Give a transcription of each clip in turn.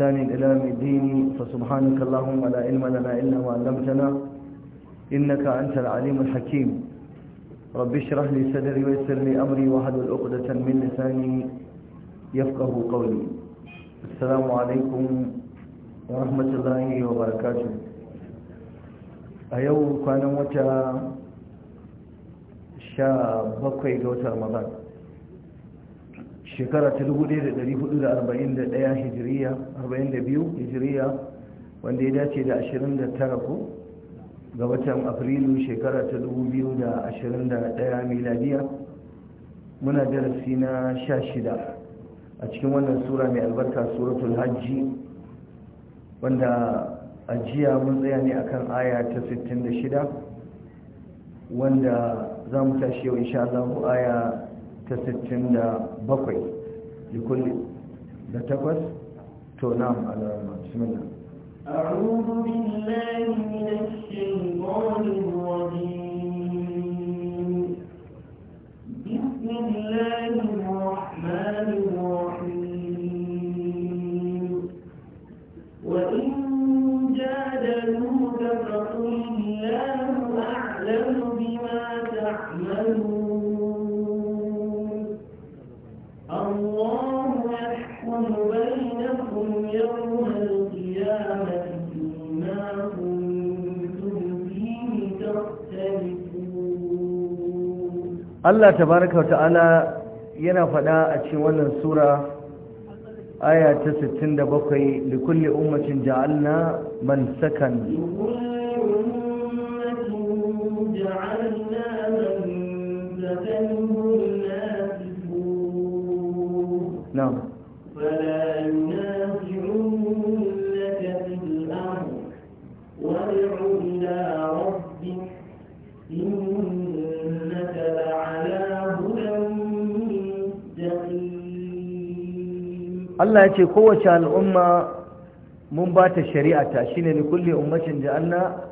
بإحسان إلى الدين فسبحانك اللهم لا علم لنا إلا ما علمتنا إنك أنت العليم الحكيم رب اشرح لي صدري ويسر لي أمري واحلل الأقدة من لساني يفقه قولي السلام عليكم ورحمة الله وبركاته أيوه كان متى sha bakwai دوت رمضان shekara ta 1441 hijiriya 42 hijiriya wanda ya dace da 29 ko ga watan afrilu shekara ta 2021 miladiya muna darasi na 16 a cikin wannan sura mai albarka suratul hajji wanda ajiya mun tsaya ne akan aya ta 66 wanda za mu tashi yau insha Allah aya ta 67 da takwas to na alama bismillah أعوذ a من الشيطان Allah tabaraka wa ta'ala yana faɗa a cikin wannan sura aya ta 67 likulli ummatin ja'alna man sakan نعم Allah ya ce kowace al'umma mun ba ta shari'ata shine ne kulle ummacin ja'anna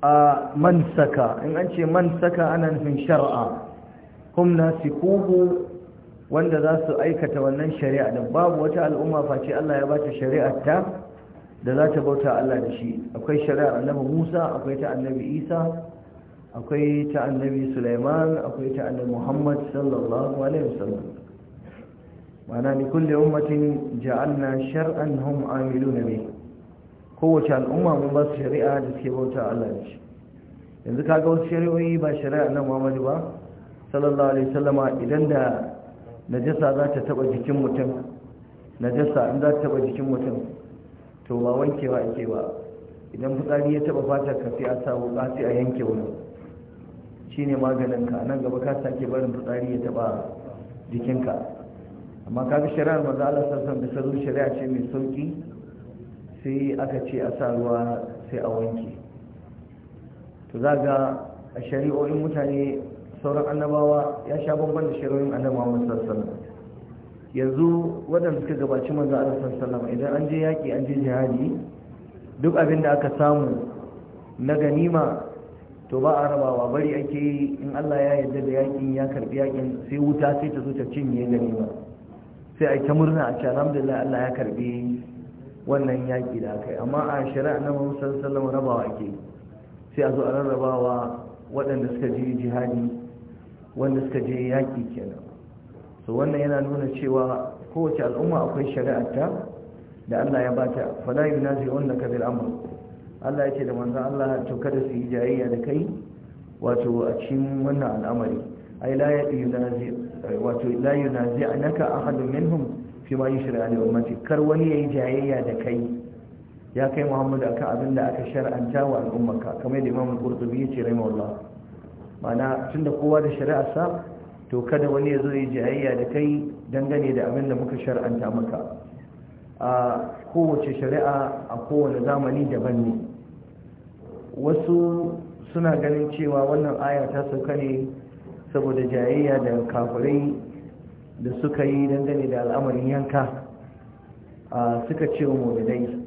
a saka. in an ce man saka, ana nufin shar'a hum nasikuhu wanda za su aikata wannan shari'a da babu wata al'umma face Allah ya ba ta shari'ata da za ta bauta Allah da shi akwai shari'ar annabi Musa akwai ta annabi Isa akwai ta annabi Sulaiman akwai ta annabi Muhammad sallallahu alaihi wasallam mana li kulle ummatin ja'alna shar'an hum amiluna bi kowace al'umma mun ba su shari'a da suke bauta Allah da shi yanzu kaga wasu shari'o'i ba shari'a nan Muhammadu ba sallallahu alaihi wasallama idan da najasa za ta taba jikin mutum najasa in za ta taba jikin mutum to ba wankewa ake ba idan fitsari ya taba fata ka sai a sa wuka sai a yanke wani shine maganin ka nan gaba ka sake barin fitsari ya taba jikinka amma kaga shari'ar maza Allah sallallahu bisa zuwa shari'a ce mai sauki sai aka ce a sa ruwa sai a wanke to zaga a shari'o'in mutane sauran annabawa ya sha bambam da shari'o'in annabawa sallallahu alaihi yanzu waɗanda suka gabaci maza Allah sallallahu idan an je yaƙi an je jihadi duk abin da aka samu na ganima to ba a rabawa bari ake yi in Allah ya yarda da yakin ya karbi yakin sai wuta sai ta zo ta cinye ganima sai a ta murna a ce alhamdulillah Allah ya karbi wannan yaƙi da aka amma a shari'a na musul sallama rabawa ake sai a zo a rarrabawa waɗanda suka je jihadi wanda suka je yaƙi kenan so wannan yana nuna cewa kowace al'umma akwai shari'arta da Allah ya bata fala yunazi wanda ka bil amr Allah ya ce da manzon Allah to kada su yi jayayya da kai wato a cikin wannan al'amari ai la yunazi wato la yunazi'naka ahadun minhum fi ma yushra li ummati kar wani yayi jayayya da kai ya kai muhammadu akan abin da aka shar'anta wa al'ummaka kamar da Imam Qurtubi ya ce allah mana tunda kowa da shari'a sa to kada wani ya zo yi jayayya da kai dangane da abin da muka shar'anta maka a kowace shari'a a kowane zamani daban ne wasu suna ganin cewa wannan aya ta sauka ne saboda jayayya da kafirai da suka yi dangane da al'amarin yanka suka ce wa mawadai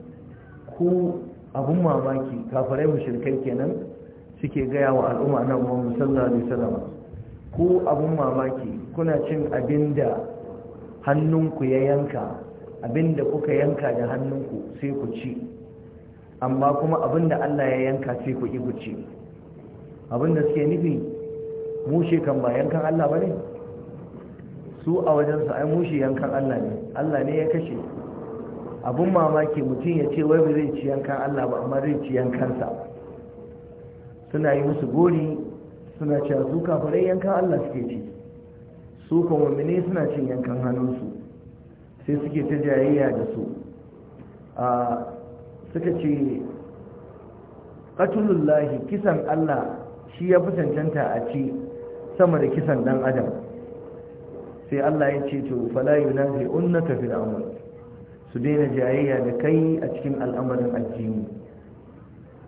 ku abin mamaki kafirai mushrikai kenan suke gaya wa al'umma na Muhammad sallallahu alaihi ku abin mamaki kuna cin abinda hannunku ya yanka abinda kuka yanka da hannunku sai ku ci amma kuma abinda Allah ya yanka sai ku ci da suke nufi mushe kan ba yankan Allah ba ne su a wajensu ai mushe yankan Allah ne Allah ne ya kashe abun mamaki mutum ya ce wai ba zai ci yankan Allah ba amma zai ci yankansa suna yi musu gori suna cewa su kafirai yankan Allah suke ci su kuma suna cin yankan hannunsu sai suke ta jayayya da su a suka ce katulullahi kisan Allah shi ya fi cancanta a ci sama da kisan dan adam sai Allah ya ce to fala yunazi unnaka fil amr su daina jayayya da kai a cikin al'amarin addini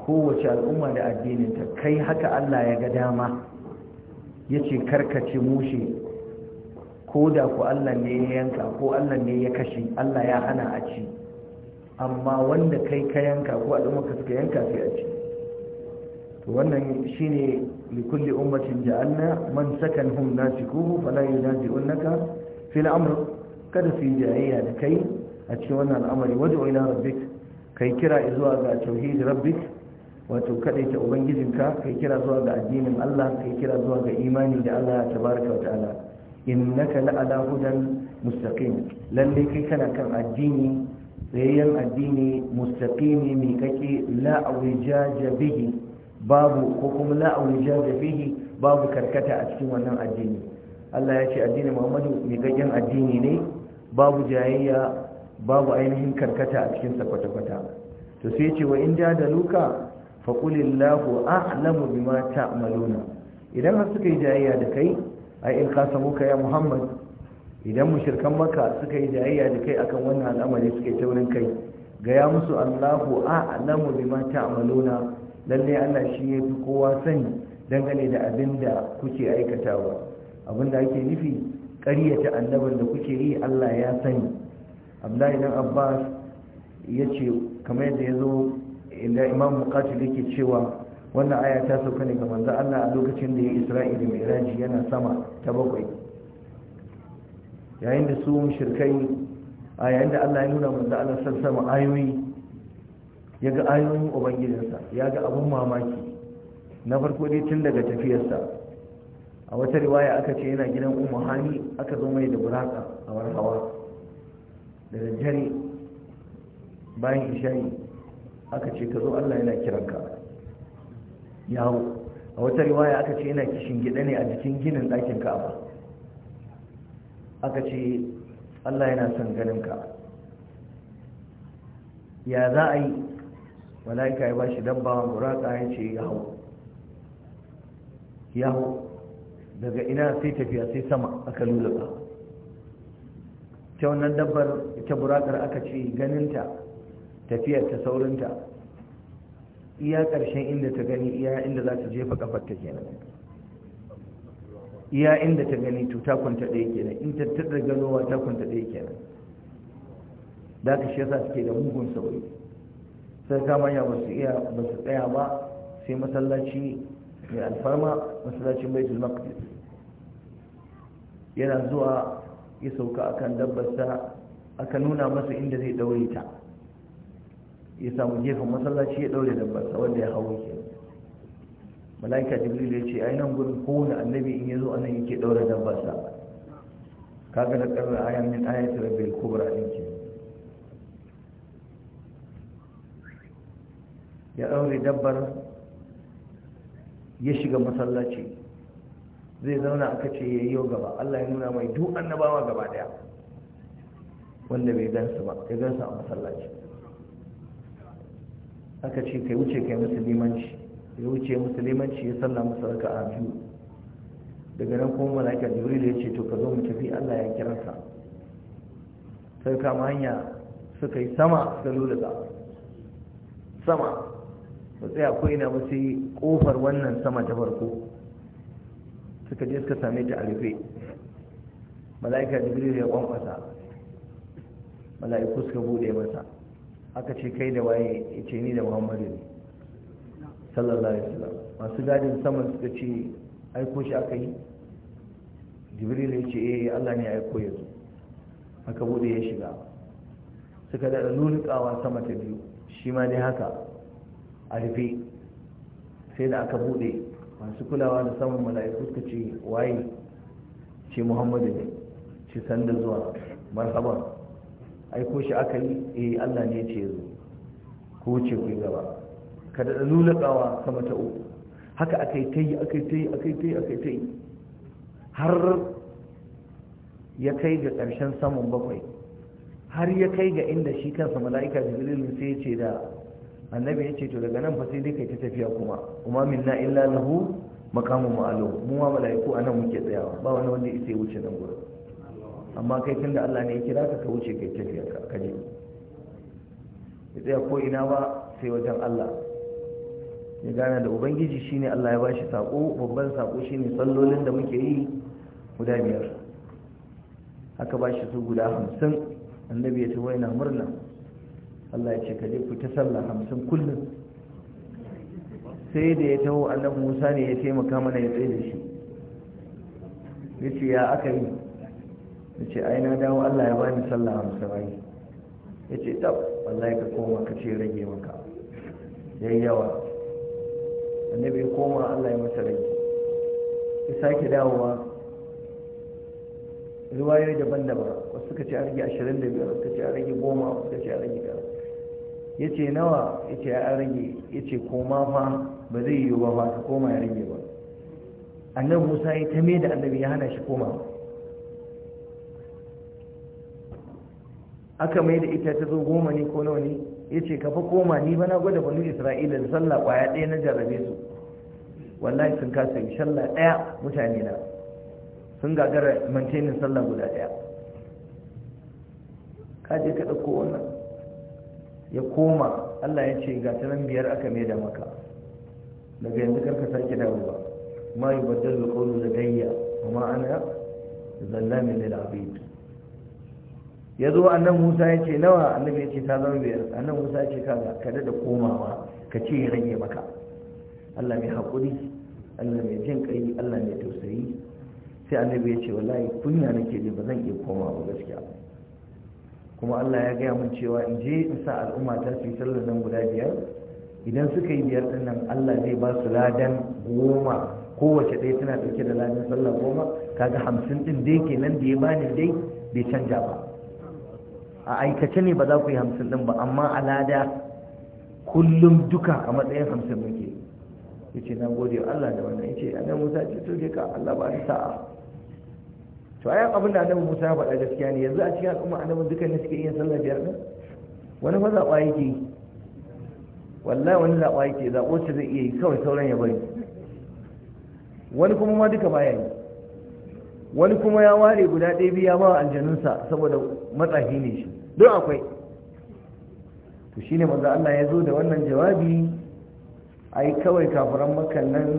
kowace al'umma da addininta kai haka Allah ya ga dama yace karkace mushe ko da ku Allah ne ya yanka ko Allah ne ya kashe Allah ya hana a ci amma wanda kai ka yanka ko al'umma ka suka yanka sai a ci to wannan shine likulli ummatin ja'alna man sakanhum na fala yunazi'unaka fil amr kada su yi jayayya da kai a cikin wannan al'amari waje ila rabbik kai kira zuwa ga tauhid rabbik wato kadaita ubangijinka kai kira zuwa ga addinin Allah kai kira zuwa ga imani da Allah tabaraka wa ta'ala innaka la'ala hudan mustaqim lalle kai kana kan addini tsayayyen addini mustaqimi miƙaƙe la'awijaja bihi babu ko kuma la auja da fihi babu karkata a cikin wannan addini Allah ya ce addini Muhammadu mai gajen addini ne babu jayayya babu ainihin karkata a cikin sa kwata-kwata to sai ce wa in ja da luka fa qulillahu a'lamu bima ta'maluna idan har suka yi jayayya da kai ai in ka samu ya Muhammad idan mushirkan maka suka yi jayayya da kai akan wannan al'amari suke yi taurin kai gaya musu Allahu a'lamu bima ta'maluna lallai Allah shi ya fi kowa sani dangane da abin da kuke aikatawa abin da ake nufi ƙaryata annabin da kuke yi Allah ya sani abdullahi dan abbas ya ce kamar yadda ya zo inda imam da yake cewa wannan aya ta sauka ne ga manzo Allah a lokacin da ya Isra'ila mai raji yana sama ta bakwai yayin da su shirkai a yayin da Allah ya nuna manzo Allah sallallahu ayoyi ya ga ayoyin ubangijinsa ya ga abin mamaki na farko dai tun daga tafiyarsa a wata riwaya aka ce yana gidan umar hani aka zo mai da buraka a warhawa da daddare bayan ishari aka ce ka zo allah yana kiranka yawo a wata riwaya aka ce yana kishin gida ne a jikin ginin ɗakin ka'aba aka ce allah yana son ganinka ya za a yi mala'ika ya bashi dabba muraka ya ce ya hau ya hau daga ina sai tafiya sai sama aka lulluɓa ta wannan dabbar ita burakar aka ce ganinta tafiyar ta saurinta iya ƙarshen inda ta gani iya inda za ta jefa kafar ta kenan iya inda ta gani to ta kwanta ɗaya kenan in ta tattara ganowa ta kwanta ɗaya kenan da ka shi yasa suke da mugun sauri sai kamanya manya ba su iya ba su tsaya ba sai masallaci mai alfarma masallacin mai tulmaktis yana zuwa ya sauka akan dabbarsa aka nuna masa inda zai daure ta ya samu jefa masallaci ya daure dabbarsa wanda ya hau yake malaika jibril ya ce ai nan gurin kowane annabi in ya zo a nan yake daure dabbarsa kaga na karar ayan min ayati rabbil kubra din ya ɗaure dabbar ya shiga masallaci zai zauna aka ce ya yi gaba Allah ya nuna mai duk annabawa gaba daya wanda bai gansu ba ya gansu a masallaci aka ce kai wuce kai musulmanci ya wuce musulmanci ya salla musu raka a biyu daga nan kuma mala'ika jibril ya ce to ka zo mu tafi Allah ya kiransa sai kama hanya suka yi sama suka lulluɓa sama ba tsaya ko ina ba sai kofar wannan sama ta farko suka je suka same ta a rufe mala'ika jibril ya kwankwasa mala'iku suka bude masa aka ce kai da waye ya ce ni da muhammadu ne sallallahu alaihi wasallam masu gadin saman suka ce aiko shi aka yi jibril ya ce eh Allah ne ya aiko ya zo aka bude ya shiga suka da lullukawa sama ta biyu shi ma dai haka a rufe sai da aka bude masu kulawa da samun mala'iku suka ce waye ce muhammadu ne ce sanda zuwa marhaban aiko shi aka yi eh allah ne ce zo ko ce ku gaba ka da lulakawa sama ta uku haka aka yi ta yi aka yi ta yi aka yi ta yi aka yi ta yi har ya kai ga ƙarshen saman bakwai har ya kai ga inda shi kansa mala'ika jibril sai ya ce da annabi ya ce to daga nan fa sai dai kai ta tafiya kuma kuma minna illa lahu maqamu ma'lum mu ma malaiku anan muke tsayawa ba wani wanda yake wuce nan gurin amma kai tunda Allah ne ya kira ka ka wuce kai tafiya ka kaje ya tsaya ko ina ba sai wajen Allah ya gana da ubangiji shine Allah ya bashi sako babban sako shine sallolin da muke yi guda biyar aka bashi su guda hamsin annabi ya ce wai na murna Allah ya ce ka jefu ta sallah hamsin kullum sai da ya taho annabi Musa ne ya taimaka mana ya tsaye da shi ya ce ya aka yi ya ce ai na dawo Allah ya bani sallah hamsin ai ya ce tab wallahi ka koma ka ce rage maka Ya yi yawa annabi ya koma Allah ya masa rage ya sake dawowa riwayoyi daban-daban wasu ka ce a rage 25 ka ce a rage 10 ka ce a rage 10 ya ce nawa ya ce ya rage ya ce koma fa ba zai yiwu ba ba ta koma ya rage ba annabi musa ya ta mai da annabi ya hana shi koma aka mai da ita ta zo goma ne ko nawa ne ya ce ka fa koma ni ba na gwada banu isra'ila da sallah kwaya ɗaya na jarabe su wallahi sun kasa yi sallah ɗaya mutane na sun gagara mantenin sallah guda ɗaya ka je ka ɗauko wannan ya koma Allah ya ce ga nan biyar aka mai da maka daga yanzu karka sake dawowa ma yi baddal da kawo da gayya amma ana zallamin da abid ya zo annan musa ya ce nawa annabi ya ce ta zama biyar annan musa ya ce kaga ka da komawa ka ce ya rage maka Allah mai haƙuri Allah mai jin ƙai Allah mai tausayi sai annabi ya ce wallahi kunya nake ne ba zan iya komawa gaskiya kuma Allah ya gaya mun cewa in je in sa al'umma ta su yi sallar nan guda biyar idan suka yi biyar din nan Allah zai ba su ladan goma kowace ɗaya tana ɗauke da ladan sallar goma kaga hamsin ɗin dai kenan da ya bani dai bai canja ba a aikace ne ba za ku yi hamsin ɗin ba amma a lada kullum duka a matsayin hamsin muke ya ce na gode Allah da wannan ya ce annan musa ce to ka Allah ba sa'a to ayan abin da annabi Musa ya faɗa gaskiya ne yanzu a cikin al'umma annabi dukan ne suke iya sallah biyar din wani fa zaɓa yake wallahi wani zaɓa yake zaɓo ce zai iya yi kawai sauran ya bari wani kuma ma duka baya yi wani kuma ya ware guda ɗaya biya ba aljanunsa saboda matsafi ne shi don akwai to shine manzo Allah ya zo da wannan jawabi ai kawai kafiran makan nan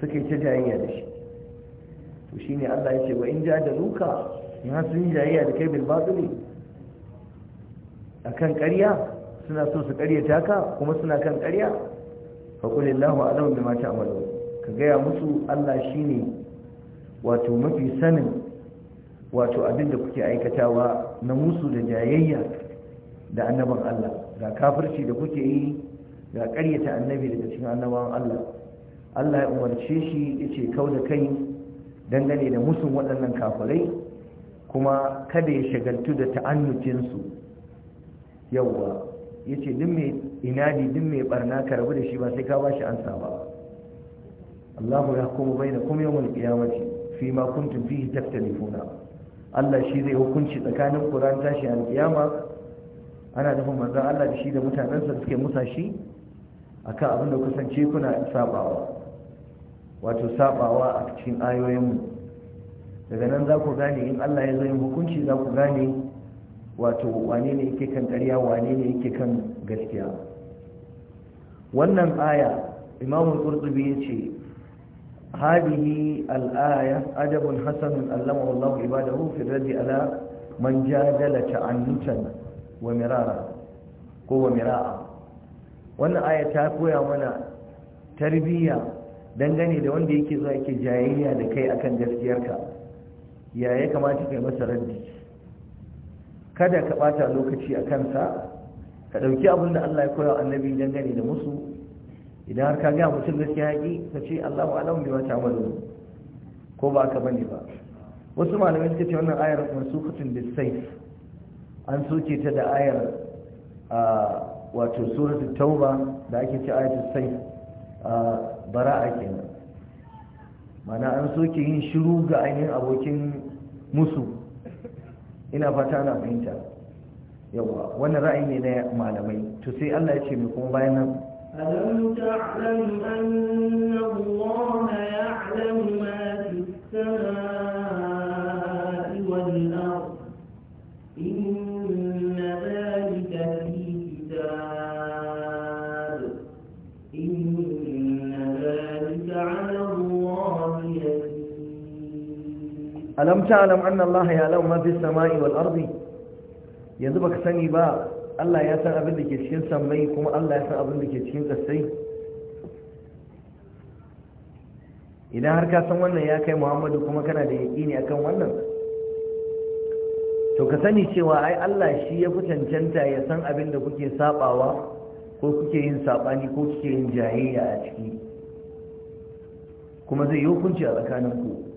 suke ta jayayya da shi to shine Allah ya ce wa in ja jadaluka ya sun jayayya da kai bil batili akan ƙarya suna so su karyata ka kuma suna kan ƙarya fa qulillahu a'lamu bima amalu. ka gaya musu Allah shine wato mafi sanin wato abin da kuke aikatawa na musu da jayayya da annaban Allah ga kafirci da kuke yi ga ƙaryata annabi daga cikin annaban Allah Allah ya umarce shi yace kau da kai dangane da musun waɗannan kafirai kuma kada ya shagaltu da ta'annucinsu yauwa ya ce duk mai inadi duk mai barna ka rabu da shi ba sai ka ba shi ansa ba Allahu ya kuma bai da kuma yawan kiyamaci fi ma kuntum fihi takhtalifuna Allah shi zai hukunci tsakanin Qur'an tashi a kiyama ana nufin manzan Allah da shi da mutanansa suke musashi akan abin da kusance kuna sabawa wato sabawa a cikin ayoyinmu daga nan za ku gane in allah ya zai hukunci za ku gane wato wane ne yake kan karya wane ne yake kan gaskiya wannan aya imamun kurtubi ya ce hadihi al'aya ajabun hasanun allama wallahu ibadahu fi radi ala man jadala ta'annutan wa mirara ko wa mira'a wannan aya ta koya mana tarbiyya dangane da wanda yake zuwa yake jayayya da kai akan gaskiyarka ya ya kamata kai masa raddi kada ka bata lokaci a kansa ka ɗauki abin da Allah ya koya annabi dangane da musu idan har ka ga mutum gaskiya haƙi ka ce Allahu alamu bi wata amalu ko ba ka bane ba wasu malamai suka ce wannan ayar da saif an soke ta da ayar wato suratul tauba da ake ce ayatul sai. bara a kenan mana an soke yin shiru ga ainihin abokin musu ina fata na fahimta yawa wannan ra'ayi ne na malamai to sai Allah ya ce mu kuma bayan nan alam ta'lam anna ya'lamu alam ta'lam anna Allah ya'lamu ma fi samai wal ardi yanzu baka sani ba Allah ya san abin da ke cikin samai kuma Allah ya san abin da ke cikin kasai idan har ka san wannan ya kai Muhammadu kuma kana da yaqini akan wannan to ka sani cewa ai Allah shi ya fi cancanta ya san abin da kuke sabawa ko kuke yin sabani ko kuke yin jayayya a ciki kuma zai yi hukunci a tsakaninku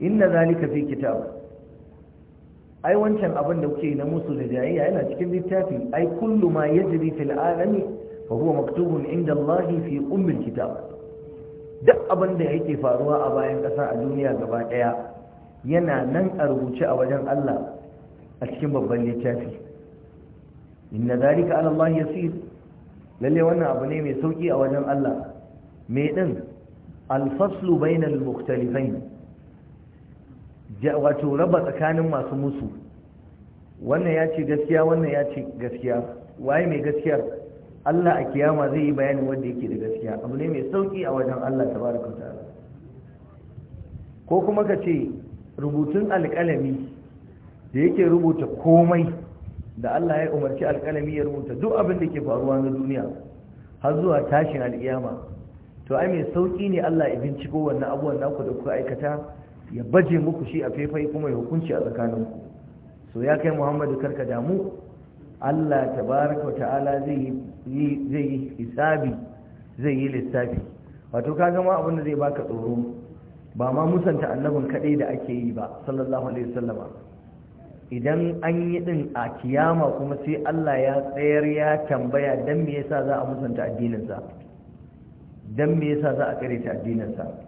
inna zalika fi kitab ai wancan abin da kuke na musu da jayayya yana cikin littafi ai kullu ma yajri fil alami fa huwa maktubun inda Allah fi ummil kitab duk abin da yake faruwa a bayan kasa a duniya gaba ɗaya yana nan a rubuce a wajen Allah a cikin babban littafi inna zalika ala Allah yasir lalle wannan abu ne mai sauki a wajen Allah me din al-faslu bainal mukhtalifain wato raba tsakanin masu musu wannan ya ce gaskiya wannan ya ce gaskiya waye mai gaskiyar Allah a kiyama zai yi bayanin wanda yake da gaskiya abu ne mai sauki a wajen Allah tabaraka ta'ala ko kuma ka ce rubutun alƙalami da yake rubuta komai da Allah ya umarci alƙalami ya rubuta duk abin da ke faruwa na duniya har zuwa tashin alƙiyama to ai mai sauki ne Allah ya binciko wannan abubuwan naku da kuka aikata ya baje muku shi a faifai kuma ya hukunci a tsakaninku so ya kai muhammadu karka damu allah tabaraka ta'ala zai yi hisabi zai yi lissafi wato ka gama abin da zai baka tsoro ba ma musanta annabin kaɗai da ake yi ba sallallahu alaihi wasallama idan an yi din a kiyama kuma sai allah ya tsayar ya tambaya dan me yasa za a musanta sa dan me yasa za a kare ta addininsa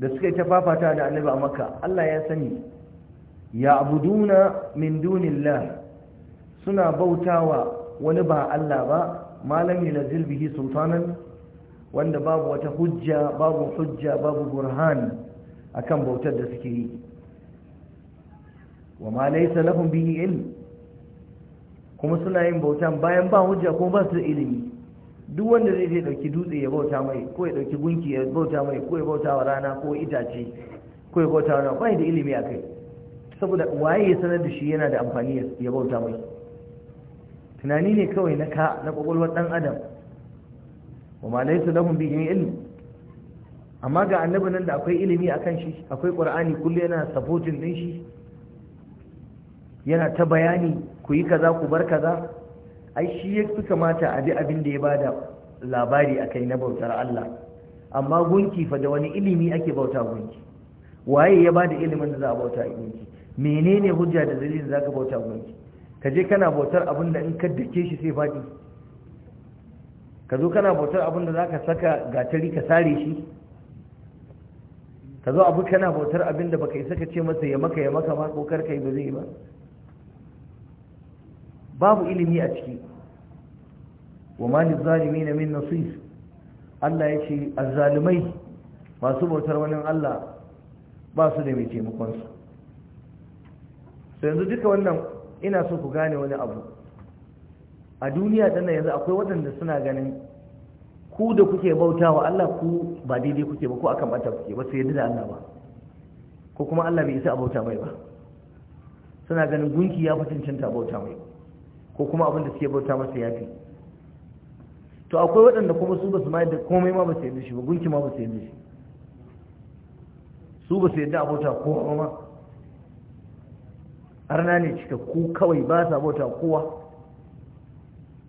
da suka yi ta fafata da annabi a makka Allah ya sani ya abuduna min dunillah suna bautawa wani ba Allah ba malam yunzil bihi sultanan wanda babu wata hujja babu hujja babu burhan akan bautar da suke yi wa ma laysa lahum bihi ilm kuma suna yin bautan bayan ba hujja ko ba su ilimi duk wanda zai zai dauki dutse ya bauta mai ko ya dauki gunki ya bauta mai ko ya bauta wa rana ko itace ko ya bauta wa rana bai da ilimi a kai saboda waye ya sanar da shi yana da amfani ya bauta mai tunani ne kawai na ka na kwakwalwar dan adam wa ma laysa lahum bihi ilm amma ga annabi nan da akwai ilimi akan shi akwai qur'ani kullu yana supporting din shi yana ta bayani ku yi kaza ku bar kaza ai shi ya fi kamata a bi abin da ya bada labari a kai na bautar Allah amma gunki fa da wani ilimi ake bauta gunki waye ya bada ilimin da za a bauta gunki menene hujja da dalilin za ka bauta gunki ka je kana bautar abin da in ka dake shi sai faɗi ka zo kana bautar abin da za ka saka gatari ka sare shi ka zo abu kana bautar abin da baka isa ka ce masa ya maka ya maka ba ko kar yi ba zai ba babu ilimi a ciki wa malin zalimi na min nasir Allah ya ce azzalimai masu bautar wani Allah ba su da mai taimakonsu sai yanzu duka wannan ina so ku gane wani abu a duniya ɗannan yanzu akwai waɗanda suna ganin ku da kuke bauta wa Allah ku ba daidai kuke ba ko akan bata kuke ba sai yadda da Allah ba ko kuma Allah bai isa a bauta mai ba suna ganin gunki ya fi cancanta bauta mai ko kuma abin da suke bauta masa ya fi to akwai waɗanda kuma su ba su mai da komai ma ba su yadda shi ba gunki ma ba su yadda shi su ba su yadda a bauta ko ma arna ne cika ku kawai ba sa bauta kowa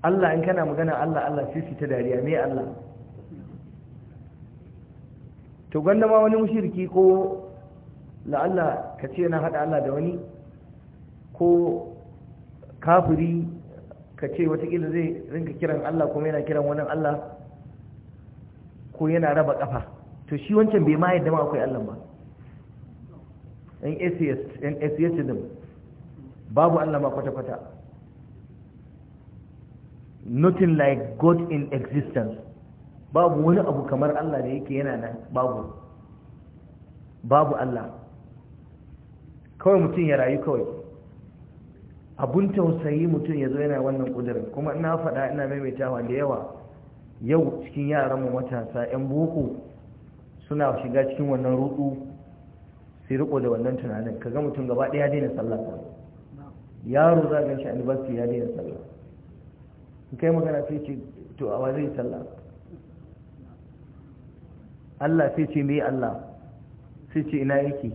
Allah in kana magana Allah Allah sai su ta dariya me Allah to ganda ma wani mushriki ko la'alla ka ce na haɗa Allah da wani ko kafiri ka ce watakila zai rinka kiran Allah kuma yana kiran wani Allah ko yana raba kafa to shi wancan bai ma yadda ma akwai Allah ba yan atheist yan atheism babu Allah ma kwata-kwata nothing like God in existence babu wani abu kamar Allah da yake yana nan babu babu Allah kawai mutum ya rayu kawai abun tausayi mutum ya zo yana wannan kudirin kuma ina faɗa ina maimaitawa da yawa yau cikin yaranmu matasa 'yan boko suna shiga cikin wannan rudu sai riko da wannan tunanin kaga mutum gaba ɗaya daina sallah yaro za ga shi university ya daina sallah in kai magana sai ce to a zai sallah Allah sai ce me Allah sai ce ina yake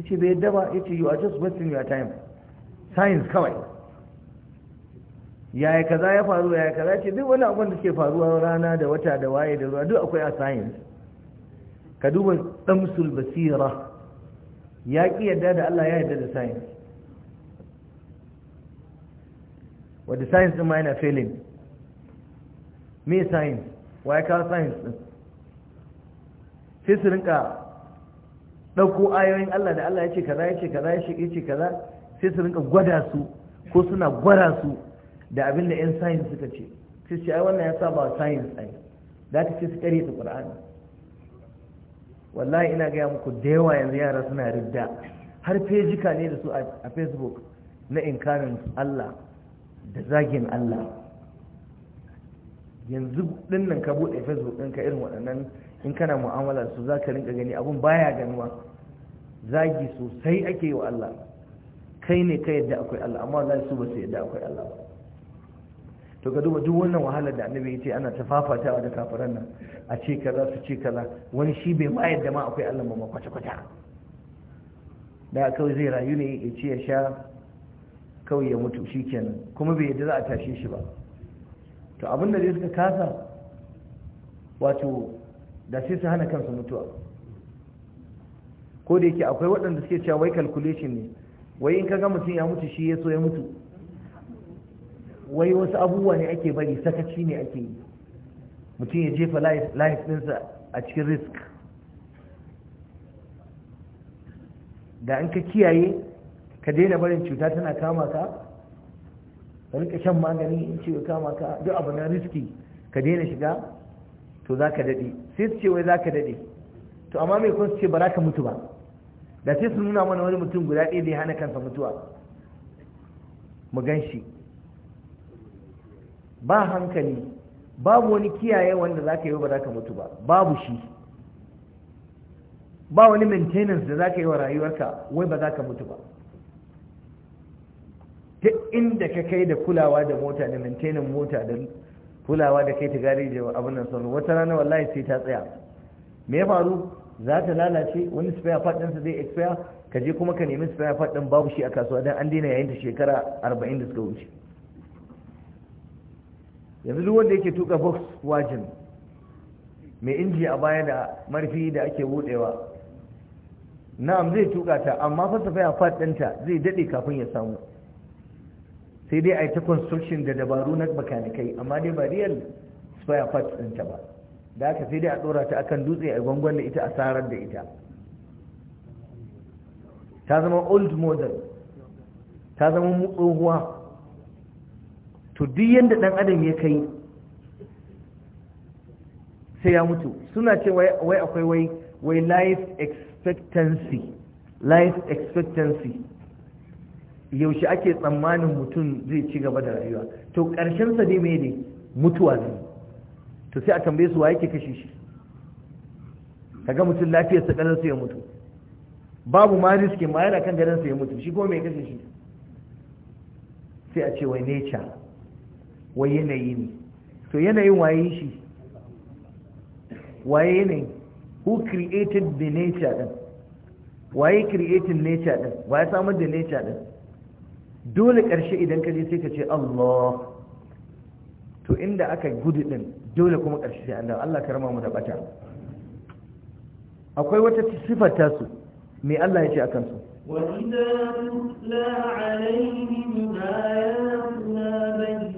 yace bai yadda ba yace you are just wasting your time science kawai yaya kaza ya faru yaya kaza ce duk wani abin da ke faruwa rana da wata da waye da ruwa duk akwai a science ka duba damsul basira ya ki yadda da Allah ya yadda da science wadda science din ma yana failing me science ya kawo science din sai su rinka ɗauko ayoyin Allah da Allah ya ce kaza ya ce kaza ya ce kaza sai su rinka gwada su ko suna gwada su da abin da 'yan science suka ce sai ce ai wannan ya saba science ai za ta ce su kare su qur'ani wallahi ina gaya muku da yawa yanzu yara suna ridda har fejika ne da su a facebook na inkarin Allah da zagin Allah yanzu din ka buɗe facebook ɗinka irin waɗannan in kana mu'amala su za ka rinka gani abun baya ganuwa zagi sosai ake yi wa Allah kai ne kai yadda akwai Allah amma wallahi su ba su yadda akwai Allah ba to ka duba duk wannan wahalar da annabi yace ana tafafatawa da kafiran nan a ce kaza su ce kaza wani shi bai ma yadda ma akwai Allah ba kwata kwata da kawai zai rayu ne ya ce ya sha kawai ya mutu shikenan kuma bai yadda za a tashe shi ba to abin da zai suka kasa wato da sai su hana kansu mutuwa ko da yake akwai waɗanda suke cewa wai calculation ne wai in kaga mutum ya mutu shi ya so ya mutu wai wasu abubuwa ne ake bari sakaci ne ake yi mutum ya jefa life ɗinsa a cikin risk da an ka kiyaye ka daina barin cuta tana kama ka ka rika shan magani in ce kama ka duk abu na riski ka daina shiga to za ka daɗe sai su ce wai za ka daɗe to amma mai kun su ce ba za ka mutu ba da sai sun nuna mana wani mutum guda ɗaya da ya hana kansa mutuwa mu gan shi ba hankali babu wani kiyaye wanda za ka yi ba za ka mutu ba babu shi ba wani maintenance da za ka yi wa rayuwarka wai ba za ka mutu ba Ta inda ka kai da kulawa da mota da maintenance mota da kulawa da kai ta gari da abin nan sauran wata rana wallahi sai ta tsaya me ya faru za ta lalace wani spare part ɗinsa zai expire ka je kuma ka nemi spare part ɗin babu shi a kasuwa don an daina yayin ta shekara arba'in da suka wuce yanzu duk wanda yake tuka box wajen mai inji a baya da marfi da ake buɗewa na'am zai tuka ta amma fasa faya part ɗinta zai daɗe kafin ya samu sai dai a yi ta construction da dabaru na bakanikai amma dai ba real spare part ɗinta ba da aka sai dai a tsora ta akan dutse a gwangwan da ita a sarar da ita ta zama old model ta zama tsohuwa to duk yadda ɗan adam ya kai sai ya mutu suna ce wai akwai wai wai life expectancy life expectancy yaushe ake tsammanin mutum zai ci gaba da rayuwa to ƙarshensa dai mai ne mutuwa zai to sai a tambaye su waye ke kashe shi kaga mutum lafiyar sa kanar ya mutu babu ma riskin ma yana kan garin sa ya mutu shi ko mai kashe shi sai a ce wai nature wai yanayi ne to yanayin waye shi waye yanayi who created the nature din waye creating nature din waye samar da nature din dole ƙarshe idan ka je sai ka ce Allah to inda aka gudu din dole kuma ƙarshe sai Allah Allah karama mu da bata akwai wata sifar tasu me Allah ya ce akan su وَإِذَا تُتْلَى عَلَيْهِمْ آيَاتُنَا بَيِّنَاتٍ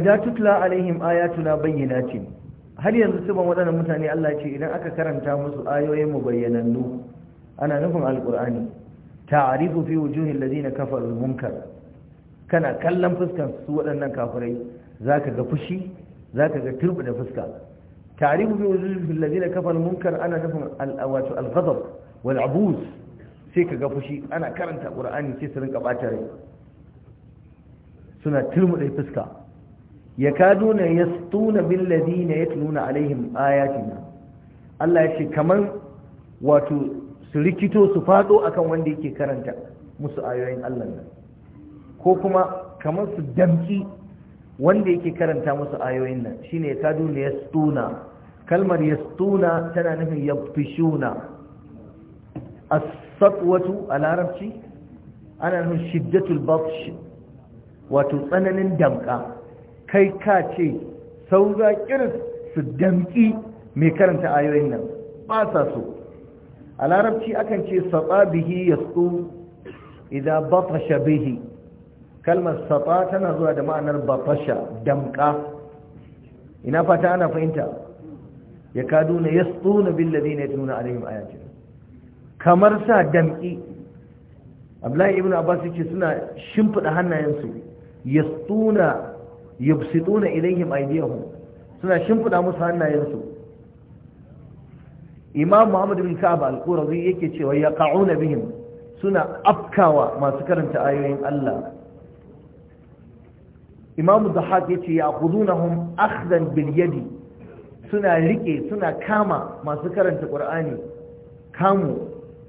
idza tutla alaihim ayatuna bayyinatin har yanzu su waɗannan mutane Allah ce idan aka karanta musu ayoyin mu bayyanannu ana nufin alqur'ani ta'rifu fi wujuhil ladina kafaru munkar kana kallon fuskan su waɗannan kafirai zaka ga fushi zaka ga turbu da fuska ta'rifu fi wujuhil ladina kafaru munkar ana nufin al-awatu al-ghadab wal sai ka ga fushi ana karanta qur'ani sai su rinka bata rai suna turmu da fuska yakaduna yastuna bil ladina yatluna alaihim ayatina Allah ya ce kaman wato su rikito su fado akan wanda yake karanta musu ayoyin Allah nan ko kuma kamar su damki wanda yake karanta musu ayoyin nan shine yakaduna yastuna kalmar yastuna tana nufin yabtishuna as-satwatu a larabci ana nufin shiddatul batsh wato tsananin damka kai ka ce sauza kiris su damki mai karanta ayoyin nan ba sa so a larabci akan ce saba bihi su idan batasha bihi kalmar saba tana zuwa da ma'anar batasha damka ina fata ana fahimta ya kadu na su na billazi na ya tuna alaihim ayatina kamar sa damki abdullahi ibn abbas ce suna shimfida hannayensu yastuna yubsituna ilaihim aydiyahum suna shimfida musu hannayensu imam muhammad bin ka'ab al-qurazi yake cewa ya yaqa'una bihim suna afkawa masu karanta ayoyin Allah imam dhahab yace ya'khudunahum akhdan bil yadi suna rike suna kama masu karanta qur'ani kamu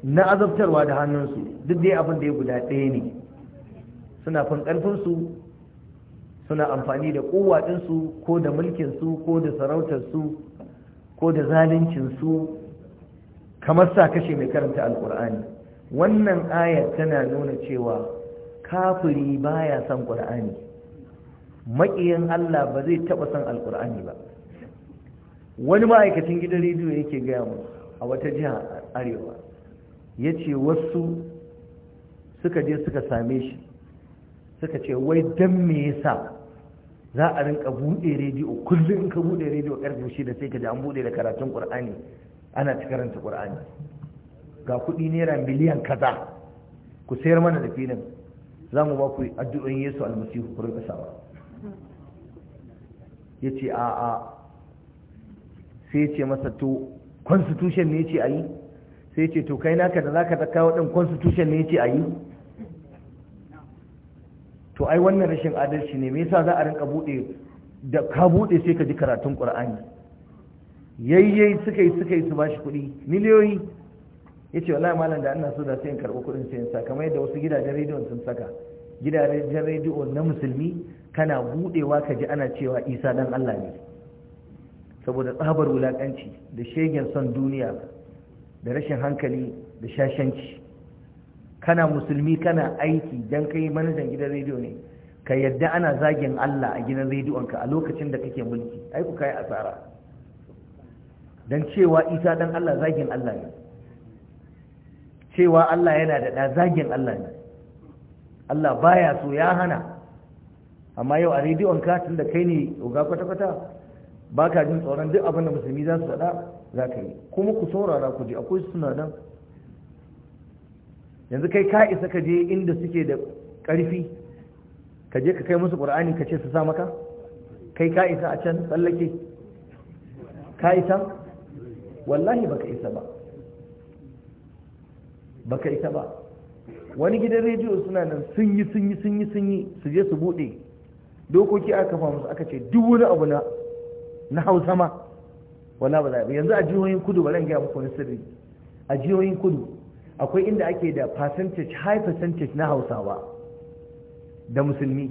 na azabtarwa da hannunsu duk dai abin da ya guda ɗaya ne suna fin suna amfani da kowa ɗinsu ko da mulkinsu ko da sarautarsu ko da zalincinsu kamar sa kashe mai karanta alkur'ani wannan ayat tana nuna cewa kafiri baya son ƙur'ani maƙiyin allah ba zai taɓa son alkur'ani ba wani ma'aikacin gidan rediyo yake gaya mu a wata jiha arewa ya ce wasu suka je suka same shi suka ce wai dan me yasa za a rinka buɗe rediyo kullum in ka buɗe rediyo ƙarfe shida sai ka ji an buɗe da karatun ƙur'ani ana ci karanta ƙur'ani ga kuɗi naira miliyan kaza ku sayar mana da filin za mu ba ku addu'o'in yesu almasihu ku rinka sawa ya ce a a sai ce masa to constitution ne ce a yi sai ce to kai naka da za ka kawo ɗin constitution ne ce a yi to ai wannan rashin adalci ne me yasa za a rinka bude da ka bude sai ka ji karatun qur'ani yayyai suka yi suka yi su bashi kuɗi miliyoyi yace wallahi malam da ina so da sai in karbo kuɗin sai in sa kamar yadda wasu gidajen rediyon sun saka gidajen rediyo na musulmi kana budewa ka ji ana cewa isa dan Allah ne saboda tsabar wulakanci da shegen son duniya da rashin hankali da shashanci kana musulmi kana aiki dan kai manajan gidan rediyo ne ka yadda ana zagin Allah a gidan rediyonka a lokacin da kake mulki ai ku kai asara dan cewa Isa dan Allah zagin Allah ne cewa Allah yana da da zagin Allah ne Allah baya so ya hana amma yau a rediyon rediyonka da kai ne uga kwata-kwata baka jin tsoron duk abin da musulmi za su faɗa za ka yi kuma ku saurara ku ji akwai suna nan yanzu kai ka isa ka je inda suke da ƙarfi ka je ka kai musu ƙur'ani ka ce su sa maka kai ka isa a can tsallake ka isa wallahi baka isa ba baka isa ba wani gidan rediyo suna nan sun yi sun yi sun yi sun yi su je su buɗe dokoki aka kafa musu aka ce duk wani abu na na hausa ma wala ba za yanzu a jihohin kudu ba zan gaya muku wani sirri a jihohin kudu akwai inda ake da percentage high percentage na hausawa da musulmi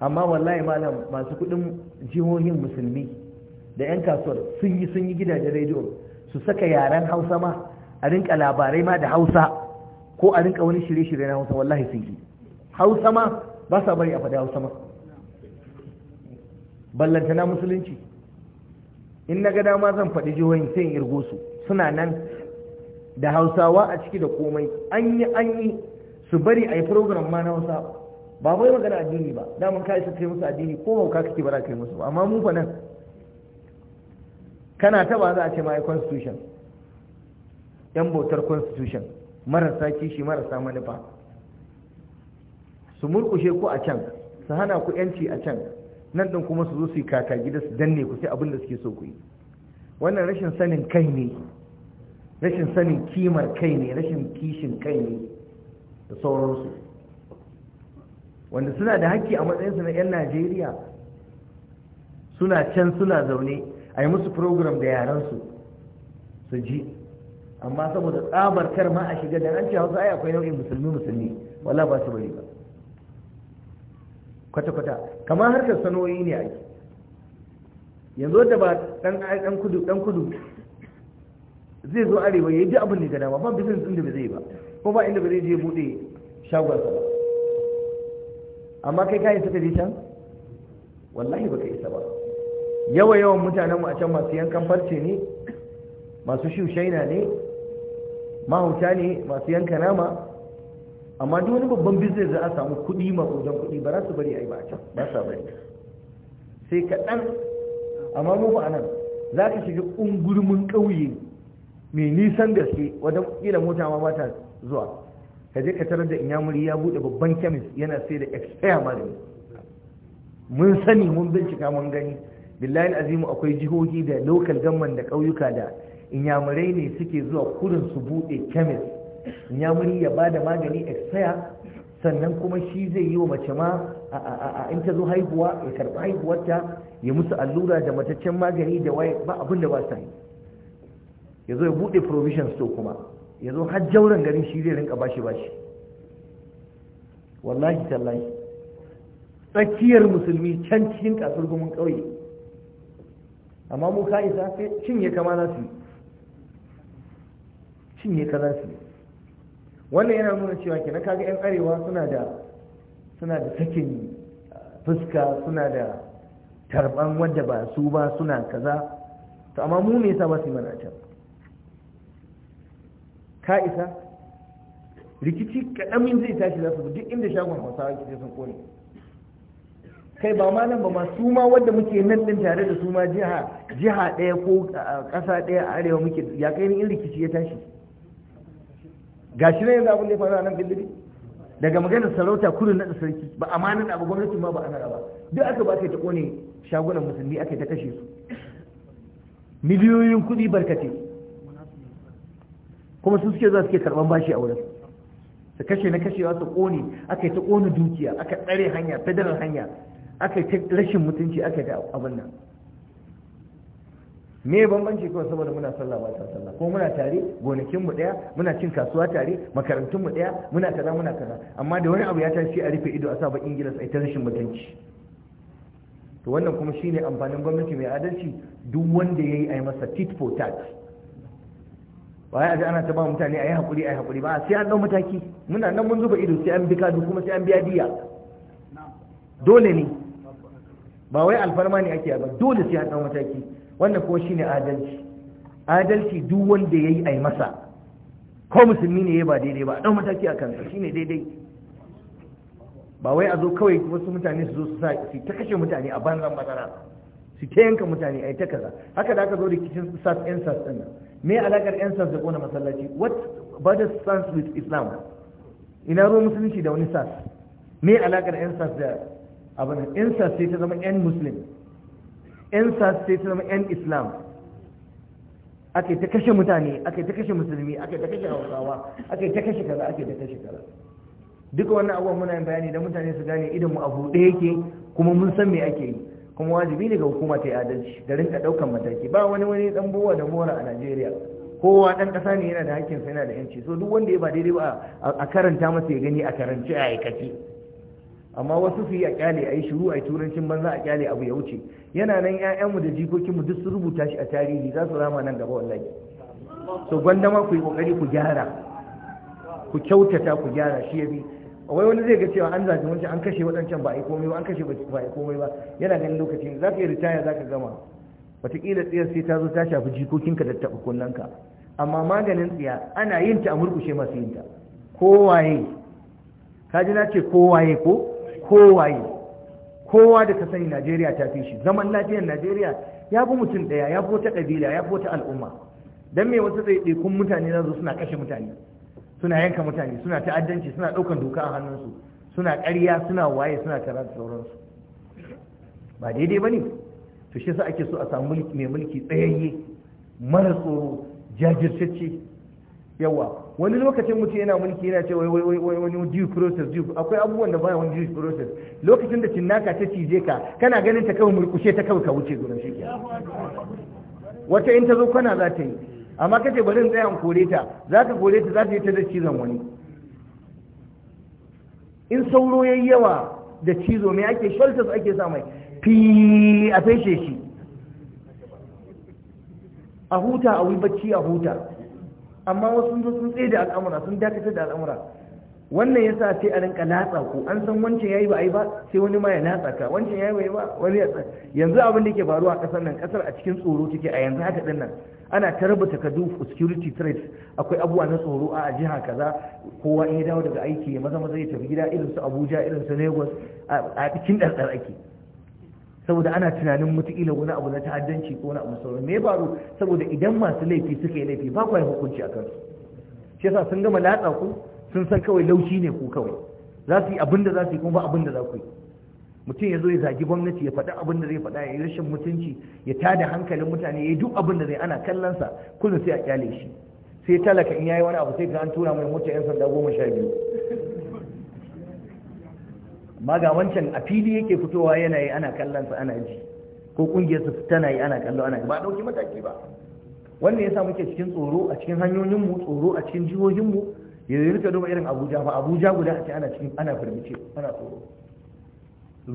amma wallahi malam masu kudin jihohin musulmi da 'yan kasuwar sun yi sun yi gidajen rediyo su saka yaren hausa ma a rinka labarai ma da hausa ko a rinka wani shirye-shirye na hausa wallahi sun yi hausa ma ba sa bari a faɗi hausa ma ballantana musulunci in na ga dama zan faɗi jihohin sai in irgo su suna nan da hausawa a ciki da komai an yi an yi su bari a yi program ma na hausa ba bai magana addini ba damar ka isa kai musu addini ko hauka kake ba kai ka musu amma mu fa nan kana taba za a ce ma constitution yan bautar constitution marasa kishi marasa manufa su murkushe ku a can su hana ku yanci a can nan din kuma su zo su yi kaka gida su danne ku sai abin da suke so ku yi wannan rashin sanin kai ne rashin sanin kimar kai ne rashin kishin kai ne da sauransu wanda suna da haƙƙi a matsayinsu na 'yan najeriya suna can suna zaune a yi musu program da yaransu su ji amma saboda tsabar kar ma a shiga da an ce hausa ai akwai nau'in musulmi musulmi wala ba su bari ba kwata-kwata kamar harkar sanoyi ne ake yanzu da ba ɗan kudu zai zo arewa ya yi abin da ga dama ba business inda da ba zai ba ko ba inda ba zai je bude shagon sa amma kai kayan suka je can wallahi baka isa ba yawa yawan mu a can masu yankan farce ne masu shushaina ne mahauta ne masu yanka nama amma duk wani babban business za a samu kuɗi maƙudan kuɗi ba za su bari a yi ba a can ba sa bari sai kaɗan amma mu ba nan za ka shiga ungurmin ƙauye mai nisan gaske wadda kila mota ma ba ta zuwa ka je ka tarar da inyamuri ya bude babban kemis yana sai da expire magani mun sani mun bincika mun gani billahi azimu akwai jihohi da local government da kauyuka da inyamurai ne suke zuwa kudin su bude kemis inyamuri ya ba da magani expire sannan kuma shi zai yi wa mace ma a in ta zo haihuwa ya karɓi haihuwarta ya musu allura da mataccen magani da waye ba abin da ba sa yi ya zo ya buɗe provision store kuma ya zo har jauren garin shi zai rinka bashi bashi wallahi tallahi tsakiyar musulmi can cikin kasar gumin ƙauye amma mu ka isa cinye kama za su cinye ka za su wannan yana nuna cewa ke na kaga yan arewa suna da suna da sakin ah, fuska suna da tarban wanda ba su ba suna kaza amma mu me yasa ba su yi mana can Ka'isa, rikici rikici kaɗamin zai tashi za su duk inda shagon hausawa ke sun kone kai ba ma nan ba ma su ma wanda muke nan ɗin tare da su ma jiha jiha ɗaya ko ƙasa ɗaya a arewa muke ya kai ni in rikici ya tashi shi ne yanzu abin da ya faru a nan bindiri daga maganar sarauta kudu na sarki ba nan abu gwamnatin ma ba a ba duk aka ba kai ta kone shagunan musulmi aka yi ta kashe su miliyoyin kuɗi barkatai kuma su suke zuwa suke karban bashi a wurin su kashe na kashewa su kone aka yi ta kone dukiya aka tsare hanya federal hanya aka yi ta rashin mutunci aka yi ta abin nan me bambanci kuma saboda muna sallah ba ta sallah ko muna tare gonakin mu daya muna cin kasuwa tare makarantun mu daya muna kaza muna kaza amma da wani abu ya tashi a rufe ido a sa bakin gilas ai ta rashin mutunci to wannan kuma shine amfanin gwamnati mai adalci duk wanda yayi ai masa tit for tat ba ya aje ana ta ba mutane ayi hakuri ayi hakuri ba sai an ɗau mataki muna nan mun zuba ido sai an bi kadu kuma sai an biya diya dole ne ba wai alfarma ne ake ba dole sai an ɗau mataki wannan ko shine adalci adalci duk wanda yayi ayi masa ko musulmi ne yayi ba daidai ba ɗau mataki a kansa shine daidai ba wai a zo kawai wasu mutane su zo su sa su ta kashe mutane a banzan bazara su ta yanka mutane ai ta kaza haka da aka zo rikicin sas ɗin sas ɗin nan me alaƙar ɗin sas da kona masallaci what borders sas with islam ina ruwan musulunci da wani sas me alaƙar ɗin sas da abin ɗin sas sai ta zama ɗin muslim ɗin sas sai ta zama ɗin islam ake ta kashe mutane ake ta kashe musulmi ake ta kashe hausawa ake ta kashe kaza ake ta kashe kaza duka wannan abubuwan muna yin bayani da mutane su gane idan mu abu ɗaya yake kuma mun san me ake yi kuma wajibi ne ga hukuma ta yi adalci da rinka daukan mataki ba wani wani dan bowa da mora a Najeriya kowa dan kasa ne yana da hakkin yana da yanci so duk wanda ya ba daidai ba a karanta masa ya gani a karance a aikace amma wasu su yi a kyale a yi shiru a turancin banza a kyale abu ya wuce yana nan ƴaƴanmu da jikokinmu duk su rubuta shi a tarihi za su rama nan gaba wallahi so gwandama ku yi kokari ku gyara ku kyautata ku gyara shi ya bi wai wani zai ga cewa an zafi wancan an kashe waɗancan ba a yi komai ba an kashe ba a yi komai ba yana ganin lokaci. za ka yi ritaya za ka gama wataƙila tsiyar sai ta zo ta shafi jikokinka da taɓa kunnanka amma maganin tsiya ana yin ta a murkushe masu yin ta kowaye ka ji na ce kowaye ko kowaye kowa da ka sani najeriya ta fi shi zaman lafiyar najeriya ya fi mutum ɗaya ya fi wata ƙabila ya fi wata al'umma don me wasu ɗaiɗaikun mutane na zo suna kashe mutane suna yanka mutane suna ta'addanci suna ɗaukar doka a hannunsu suna ƙarya suna waye suna tara da sauransu ba daidai ba ne to shi sa ake so a samu mai mulki tsayayye mara tsoro jajirtacce yawa wani lokacin mutum yana mulki yana ce wai wai wai wani due process due akwai abubuwan da baya wani due process lokacin da cinnaka ta cije ka kana ganin ta kawai murkushe ta kawai ka wuce gurin shi wata in ta zo kwana za ta yi amma kace bari in tsaya in kore ta za ka kore ta za ta yi ta da cizon wani in sauro yayi yawa da cizo mai ake shelters ake sa mai fi a feshe shi a huta a bacci a huta amma wasu sun sun tsaye da al'amura sun dakatar da al'amura wannan yasa sai a rinka latsa ku an san wancan yayi ba ai ba sai wani ma ya latsa ka wancan yayi ba wani ya yanzu abin da yake faruwa a kasar nan kasar a cikin tsoro take a yanzu haka din nan ana ta ka takardu security threats akwai abubuwa na tsoro a jiha kaza kowa in ya dawo daga aiki ya maza maza ya tafi gida irin su Abuja irin su Lagos a cikin ɗarɗar ake saboda ana tunanin mutukila wani abu na ta'addanci ko wani abu sauran me ya faru saboda idan masu laifi suka yi laifi ba kwa hukunci a kansu shi yasa sun gama latsa ku sun san kawai laushi ne ku kawai za su yi abin za su yi kuma ba abin za ku yi mutum ya zo ya zagi gwamnati ya faɗi abin da zai faɗa ya yi rashin mutunci ya tada hankalin mutane ya yi duk abin da zai ana kallonsa kullum sai a kyale shi sai talaka in yayi wani abu sai ga an tura mai mota yan sanda goma sha biyu amma ga wancan a fili yake fitowa yana yi ana kallonsa ana ji ko kungiyarsa tana yi ana kallo ana ba a ɗauki mataki ba wannan yasa muke cikin tsoro a cikin hanyoyinmu tsoro a cikin jihohinmu yanzu rika duba irin abuja ba abuja guda a ce ana cikin ana firmice ana tsoro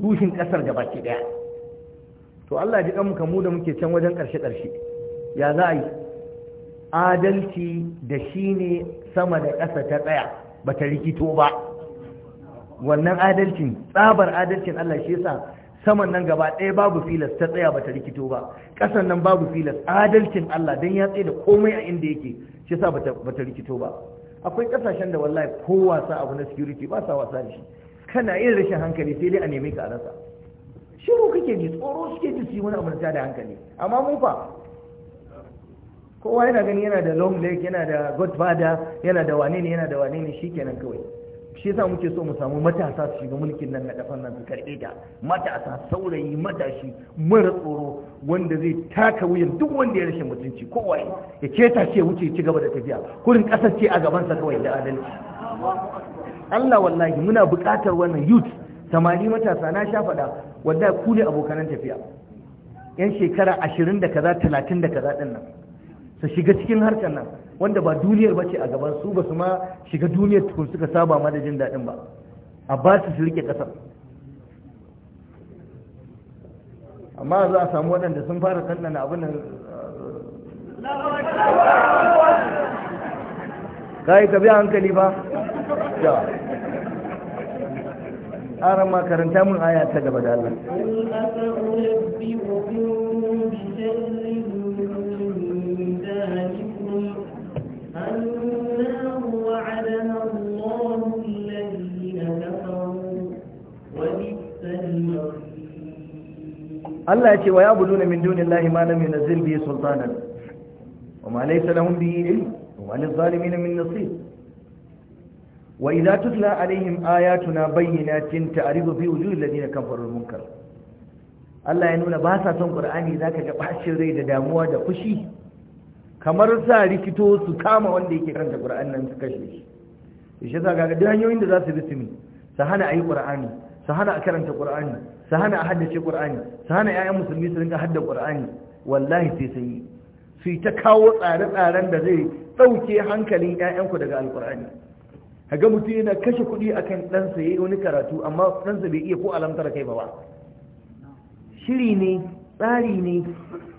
ruhin ƙasar da baki ɗaya to Allah ji kan mu da muke can wajen ƙarshe ƙarshe ya za a yi adalci da shi ne sama da ƙasa ta tsaya ba ta rikito ba wannan adalcin tsabar adalcin Allah shi yasa saman nan gaba ɗaya babu filas ta tsaya ba ta rikito ba ƙasan nan babu filas adalcin Allah don ya tsaye da komai a inda yake shi yasa ba ta rikito ba akwai ƙasashen da wallahi ko wasa abu na security ba sa wasa da shi kana yin rashin hankali sai dai a neme ka a rasa shiru kake ji tsoro suke ji su yi wani amurta da hankali amma mu fa kowa yana gani yana da long leg yana da godfather yana da wane ne yana da wane ne shikenan kawai shi yasa muke so mu samu matasa su shiga mulkin nan na dafan nan su karbe ta matasa saurayi matashi mara tsoro wanda zai taka wuyan duk wanda ya rashin mutunci kowa ya keta ce wuce ci gaba da tafiya kurin kasar ce a gabansa kawai da adalci Allah wallahi muna buƙatar wannan youth samari matasa na sha faɗa wanda ku ne abokanan tafiya yan shekara ashirin da kaza talatin da kaza ɗin nan su shiga cikin harkar nan wanda ba duniyar bace a gaban su ba su ma shiga duniyar tukun suka saba ma da jin daɗin ba a ba su su rike ƙasar amma za a samu waɗanda sun fara ɗanɗana abin nan ka yi ka bi hankali ba aran ma karanta mun aya ta gaba da Allah Allah ya ce wa ya buluna min dunillahi ma lam yunzil bihi sultanan wa ma laysa lahum bihi ilm wa lil zalimin min nasib wa idza tutla alaihim ayatuna bayyinatin ta'rifu fi wujuhil ladina kafaru munkar Allah ya nuna basa sa son Qur'ani zaka ga bacin rai da damuwa da fushi kamar sa rikito su kama wanda yake karanta Qur'an nan su kashe shi shi yasa duk hanyoyin da za su bi su mi su hana ayi Qur'ani su hana a karanta Qur'ani su hana a haddace Qur'ani su hana ƴaƴan musulmi su rinka hadda Qur'ani wallahi sai sai yi su yi ta kawo tsare-tsaren da zai ɗauke hankalin ƴaƴanku daga alƙur'ani Ka ga mutum yana kashe kuɗi akan ɗansa ya yi wani karatu amma ɗansa bai iya ko alamtar kai ba ba. shiri ne tsari ne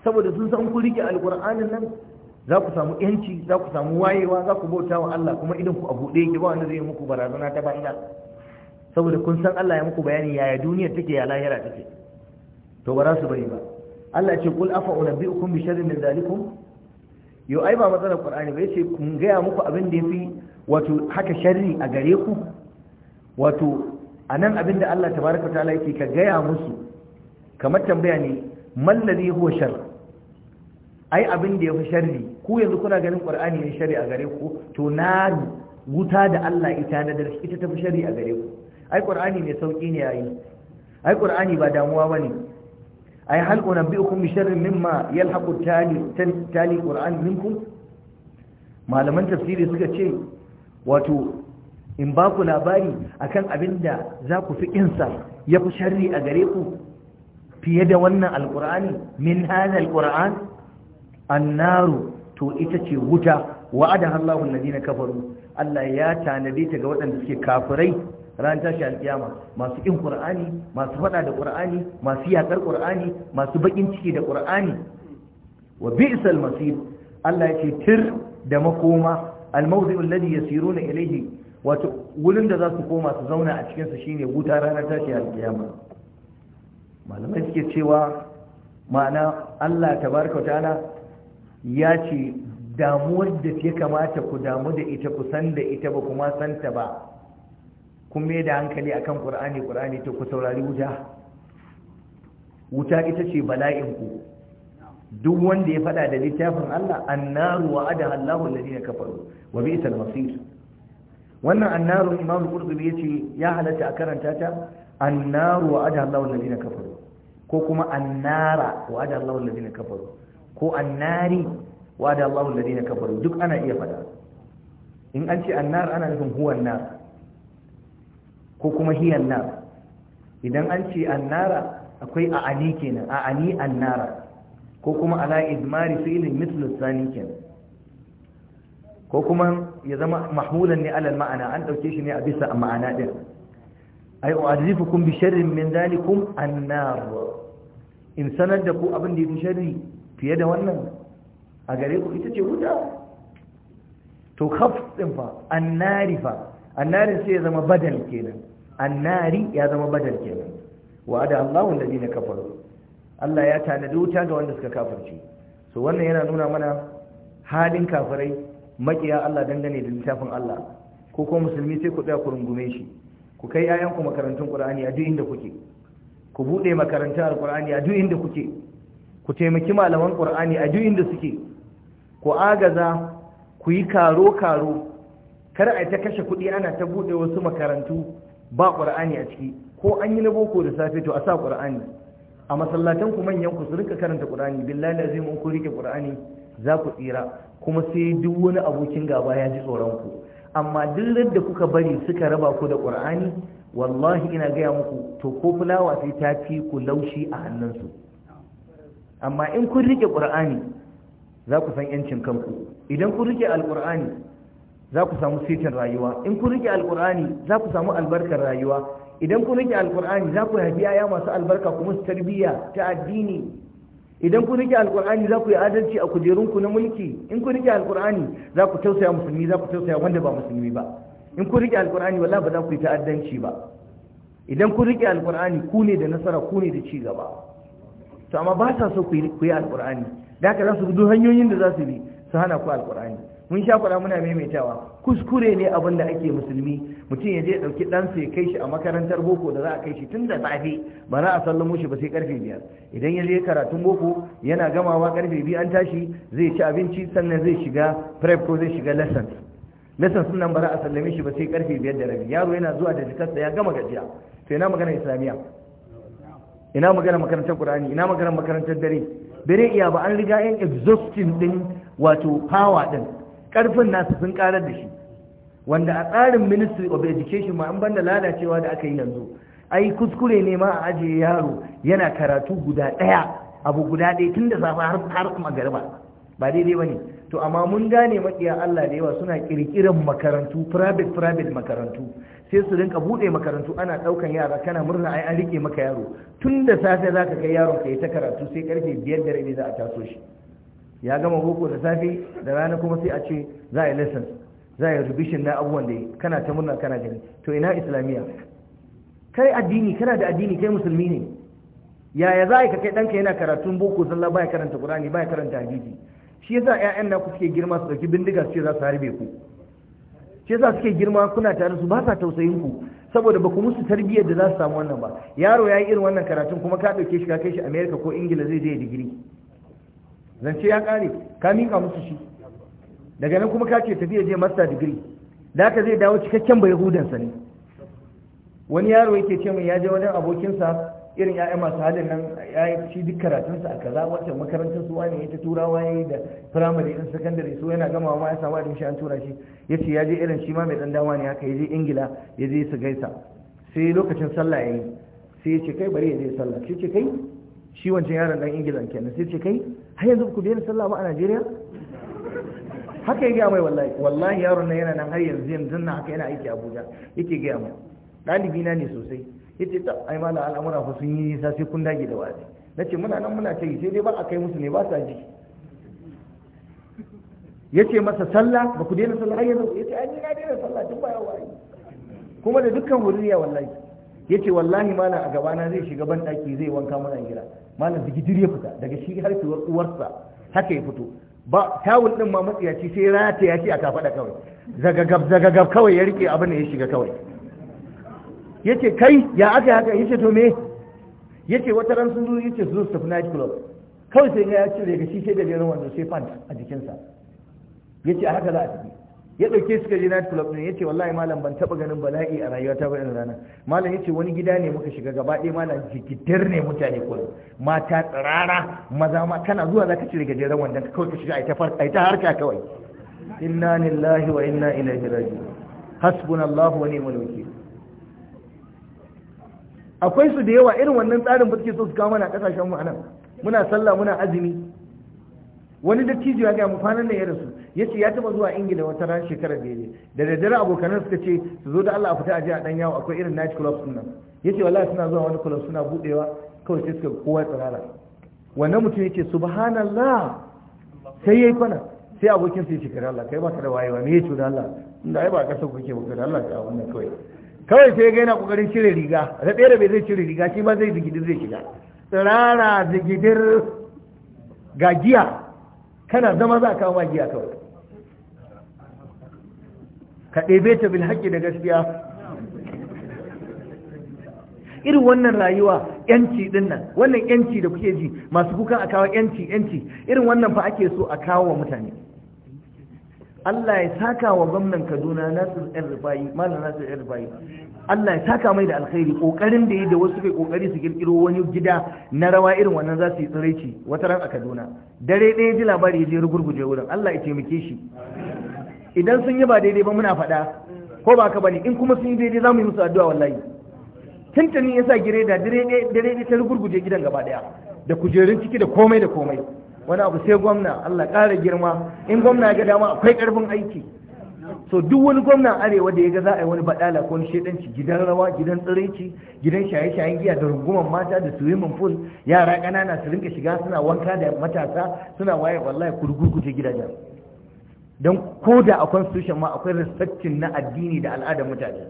saboda sun san ku rike alƙur'anin nan za ku samu yanci za ku samu wayewa za ku bauta wa Allah kuma idan ku a buɗe yake ba wanda zai yi muku barazana ta bayyana. saboda kun san Allah ya muku bayani yaya duniyar take ya lahira take to ba za su bari ba Allah ce kul afa unabbiukum bi sharrin min zalikum yo ai ba matsalar qur'ani ba ya ce kun gaya muku abin da ya yafi wato haka sharri a gare ku wato anan abinda Allah tabaraka ta'ala yake ka gaya musu kamar tambaya ne mallari huwa shar ai abin da yafi sharri ku yanzu kuna ganin qur'ani ne sharri a gare ku to na wuta da Allah ita na darshi ita tafi sharri a gare ku ai qur'ani ne sauki ne yayi ai qur'ani ba damuwa ne. ai hal unabbiukum bi sharrin mimma yalhaqu tali tali qur'an minkum malaman tafsiri suka ce wato in ba ku labari akan abin da za ku fi ƙinsa ya fi sharri a gare ku fiye da wannan alkur'ani min hada alkur'an annaru to ita ce wuta wa'ada nadi na kafaru Allah ya tanade ta ga waɗanda suke kafirai ran tashi alkiyama masu ƙin qur'ani masu faɗa da qur'ani masu yakar qur'ani masu baƙin ciki da qur'ani wa bi'sal masir Allah ya ce tir da makoma al-mawdi'u alladhi yasiruna ilayhi wato wurin da za su koma su zauna a cikin sa shine wuta ranar tashi al-qiyama malamai suke cewa ma'ana Allah tabaraka ta'ala ya ce damuwar da ya kamata ku damu da ita ku san da ita ba kuma santa ba kun mai da hankali akan qur'ani qur'ani to ku saurari wuta wuta ita ce bala'in ku duk wanda ya fada da littafin Allah annaru wa ada Allahu alladhina kafaru wa bi'sal masir wannan annaru Imam Qurtubi yace ya halatta a karanta ta annaru wa ada Allahu alladhina kafaru ko kuma annara wa ada Allahu alladhina kafaru ko annari wa ada Allahu alladhina kafaru duk ana iya fada in an ce annar ana nufin huwan nar ko kuma hiyan nar idan an ce annara akwai a'ani kenan a'ani annara ko kuma ala idmari fi'lin mithlu thani kenan ko kuma ya zama mahmulan ne alal ma'ana an dauke shi ne a bisa ma'ana din ay u'adhifukum bi sharrin min dhalikum an-nar in sanar da ku abin da yake sharri fiye da wannan a gare ku ita ce wuta to khaf din fa an-nari fa annari sai ya zama badal kenan annari ya zama badal kenan wa ada Allahu alladhina kafaru Allah ya tanadi wuta ga wanda suka kafarci so wannan yana nuna mana halin kafirai makiya Allah dangane da littafin Allah ko kuma musulmi sai ku tsaya ku rungume shi ku kai ƴaƴanku makarantun Qur'ani a duk inda kuke ku bude makarantar Qur'ani a duk inda kuke ku taimaki malaman Qur'ani a duk inda suke ku agaza ku yi karo karo kar a ta kashe kuɗi ana ta bude wasu makarantu ba Qur'ani a ciki ko an yi na boko da safe to a sa Qur'ani a masallatan ku manyan ku su rika karanta qur'ani billahi lazim in ku rike qur'ani za ku tsira kuma sai duk wani abokin gaba ya ji tsoron ku amma duk da kuka bari suka raba ku da qur'ani wallahi ina gaya muku to ko fulawa sai ta fi ku laushi a hannunsu amma in kun rike qur'ani za ku san yancin kanku idan kun rike alqur'ani za ku samu sitin rayuwa in kun rike alqur'ani za ku samu albarkar rayuwa idan kun rike alkur'ani za ku haifi yaya masu albarka kuma su tarbiyya ta addini idan kun rike alkur'ani za ku yi adalci a kujerunku na mulki in kun rike alkur'ani za ku tausaya musulmi za ku tausaya wanda ba musulmi ba in kun rike alkur'ani wallahi ba za ku yi ta'addanci ba idan kun rike alkur'ani ku ne da nasara ku ne da ci gaba to amma ba sa so ku yi alkur'ani da haka za su bi hanyoyin da za su bi su hana ku alkur'ani mun sha faɗa muna maimaitawa kuskure ne abin da ake musulmi mutum ya je ɗauki ɗansa ya kai shi a makarantar boko da za a kai shi tun da safe ba za a sallamo shi ba sai karfe biyar idan ya je karatun boko yana gamawa karfe biyu an tashi zai ci abinci sannan zai shiga prep ko zai shiga lessons lessons nan ba za a sallame shi ba sai karfe biyar da rabi yaro yana zuwa da jikarsa ya gama gajiya to ina magana islamiyya ina magana makarantar qur'ani ina magana makarantar dare bare iya ba an riga yan exhausting din wato power din ƙarfin nasu sun ƙarar da shi wanda a tsarin ministry of education ma an banda lalacewa da aka yi yanzu ai kuskure ne ma a ajiye yaro yana karatu guda ɗaya abu guda ɗaya tun da safa har har magariba ba daidai bane to amma mun gane maƙiya Allah da yawa suna ƙirƙirar makarantu private private makarantu sai su rinka buɗe makarantu ana ɗaukan yara kana murna ai an rike maka yaro tun da safe zaka kai yaron ka yi ta karatu sai karfe biyar da rabi za a taso shi ya gama boko da safe da rana kuma sai a ce za a yi lesson za a yi revision na abubuwan da kana ta murna kana gani to ina islamiyya kai addini kana da addini kai musulmi ne yaya za ka kai ɗanka yana karatun boko zalla baya karanta qur'ani baya karanta hadisi shi yasa ƴaƴan naku suke girma su dauki bindiga su ce za su harbe ku shi yasa suke girma kuna tare su ba sa tausayin ku saboda ba ku musu tarbiyyar da za su samu wannan ba yaro ya yi irin wannan karatun kuma ka ɗauke shi ka kai shi Amerika ko ingila zai je digiri zance ya kare ka mika musu shi daga nan kuma ka ce tafiya je master degree da ka zai dawo cikakken bai hudansa ne wani yaro yake ce mai ya je wajen abokinsa irin ya'ya masu halin nan ya yi shi duk karatunsa a kaza wacce makarantar su wani ya ta turawa ya da firamare ɗin sakandare su yana gama ma ya samu shi an tura shi ya ce ya je irin shi ma mai ɗan dawa ne haka ya je ingila ya je su gaisa sai lokacin sallah ya yi sai ya ce kai bari ya je sallah shi ce kai shi wancan yaron dan ingila kenan sai ce kai har yanzu ku daina sallah ba a najeriya haka ya gaya mai wallahi wallahi yaron nan yana nan har yanzu yanzu nan haka yana aiki abuja yake gaya mai ɗalibi na ne sosai yace ta ai mala al'amura fa sun yi nisa sai kun dage da wani nace muna nan muna ta yi sai dai ba a kai musu ne ba sa ji yace masa sallah ba ku daina sallah har yanzu yace ai ni na daina sallah tun ba yawa kuma da dukkan wuriya wallahi yace wallahi mala a gaba na zai shiga ban daki zai wanka muna gida malam bigidir ya fita daga shi har kuwar uwarsa haka ya fito ba tawul din ma matsiyaci sai rata ya ci a kafada kawai zagagab zagagab kawai ya rike abin da ya shiga kawai yace kai ya aka haka yace to me yace wata ran sun zo yace zo su tafi night club kawai sai ya cire ga shi sai da jerin wanda sai pant a jikinsa yace haka za a tafi ya dauke su ga je night club din yace wallahi malam ban taba ganin bala'i a rayuwata ba irin rana malam yace wani gida ne muka shiga gaba ɗaya malam jigidar ne mutane kullum mata tsirara maza ma kana zuwa zaka cire gajeren wanda ka kawai ka shiga ai ta ai harka kawai inna lillahi wa inna ilaihi raji'un hasbunallahu wa ni'mal wakeel akwai su da yawa irin wannan tsarin ba suke so su kawo mana kasashen mu anan muna sallah muna azumi wani dattijo ya ga mu kwanan ne ya rasu yace ya taba zuwa ingila wata ran shekarar da yaje da daddare abokanan suka ce su zo da Allah a fita aje a dan yawo akwai irin night club suna yace wallahi suna zuwa wani club suna budewa kawai sai suka kowa tsirara wannan mutum yace subhanallah sai yayi kwana sai abokin sai kare Allah kai ba ka da wayewa me yace da Allah inda ai ba ka so kake ba da Allah ka wannan kawai kawai sai ga yana kokarin cire riga da da bai zai cire riga shi ma zai digidi zai shiga tsirara zigidir ga kana zama za ka kawo ma giya kawai ka ɗebe ta bil haƙƙi da gaskiya irin wannan rayuwa yanci din nan wannan yanci da kuke ji masu kukan a kawo yanci yanci irin wannan fa ake so a kawo wa mutane Allah ya saka wa gwamnan Kaduna Nasir ɗan Rufai Malam Nasir Rufai Allah ya saka mai da alkhairi kokarin da yi da wasu kai kokari su kirkiro wani gida na rawa irin wannan za su yi tsiraici wata ran a Kaduna dare ɗaya ji labari ya je rugurguje wurin Allah ya taimake shi idan sun yi ba daidai ba muna faɗa ko ba ka bane in kuma sun yi daidai za mu yi musu addu'a wallahi tuntuni ya sa gire da dare ta rugurguje gidan gaba daya da kujerun ciki da komai da komai wani abu sai gwamna Allah ƙara girma in gwamna ga dama akwai ƙarfin aiki so duk wani gwamnan arewa da ya ga za a yi wani baɗala ko wani shedanci gidan rawa gidan tsiraici gidan shaye-shayen giya da runguman mata da swimming pool yara ƙanana su rinka shiga suna wanka da matasa suna waye wallahi kurkurkuce gidajen don ko da a constitution ma akwai respectin na addini da al'adar mutane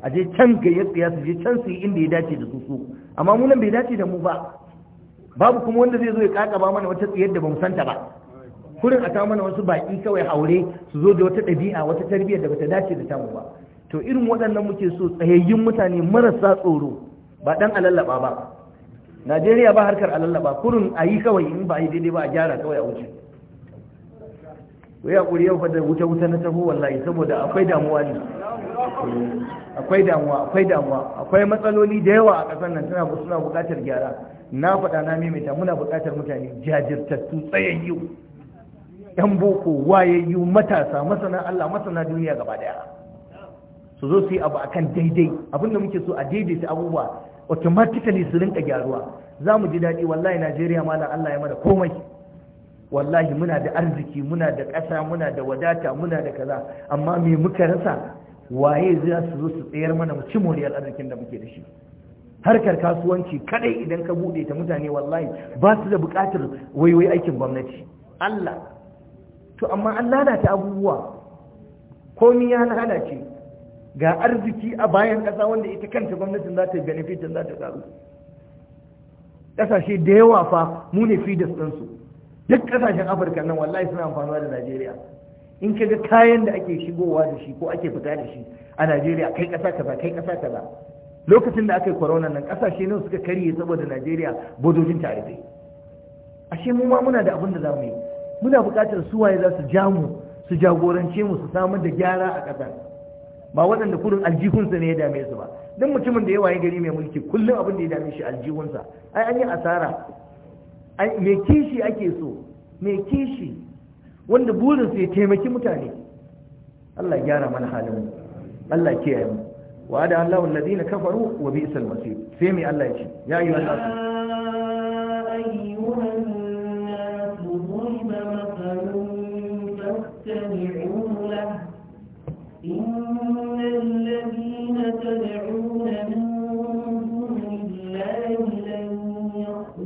a je can gayyar su je can su yi inda ya dace da su su amma munan bai dace da mu ba babu kuma wanda zai zo ya kakaba mana wata tsayar da bamu santa ba kurin a kawo mana wasu baki kawai haure su zo da wata ɗabi'a wata tarbiyyar da bata dace da tamu ba to irin waɗannan muke so tsayayyun mutane marasa tsoro ba ɗan alallaba ba najeriya ba harkar alallaba kurin a yi kawai in ba a yi daidai ba a gyara kawai a wuce ku yi yau fada wuta-wuta na taho wallahi saboda akwai damuwa ne akwai damuwa akwai damuwa akwai matsaloli da yawa a ƙasar nan suna suna buƙatar gyara na faɗa na maimaita muna buƙatar mutane jajirtattu tsayayyu yan boko wayayyu matasa masana Allah masana duniya gaba daya su zo su yi abu akan daidai abin da muke so a daidaita abubuwa automatically su rinka gyaruwa za mu ji daɗi wallahi Najeriya malam Allah ya mara komai wallahi muna da arziki muna da ƙasa muna da wadata muna da kaza amma me muka rasa waye za su zo su tsayar mana mu ci moriyar arzikin da muke da shi harkar kasuwanci kadai idan ka bude ta mutane wallahi ba su da buƙatar waiwai aikin gwamnati Allah to amma an lalata abubuwa komi ya lalace ga arziki a bayan ƙasa wanda ita kanta gwamnatin za ta benefit za ta karu ƙasashe da yawa fa mu ne fidas ɗansu duk kasashen afirka nan wallahi suna amfanuwa da najeriya in ka ga kayan da ake shigowa da shi ko ake fita da shi a najeriya kai kasa kaza kai kasa kaza lokacin da aka yi corona nan kasashe ne suka karye saboda najeriya bodojin tarifai ashe mu ma muna da abin da za mu yi muna buƙatar su waye za su ja mu su jagorance mu su samar da gyara a ƙasa ba waɗanda kurin aljihunsa ne ya dame su ba don mutumin da yawa ya gari mai mulki kullum abin da ya dame shi aljihunsa ai an yi asara mai kishi ake so mai kishi wanda burinsu ya taimaki mutane Allah gyara mana halin mu Allah kiyaye mu wa Allah Allahu alladhina kafaru wa bi'sal masir sai mai Allah ya ce ya ayyuha an-nas ayyuha an-nas ضرب مثل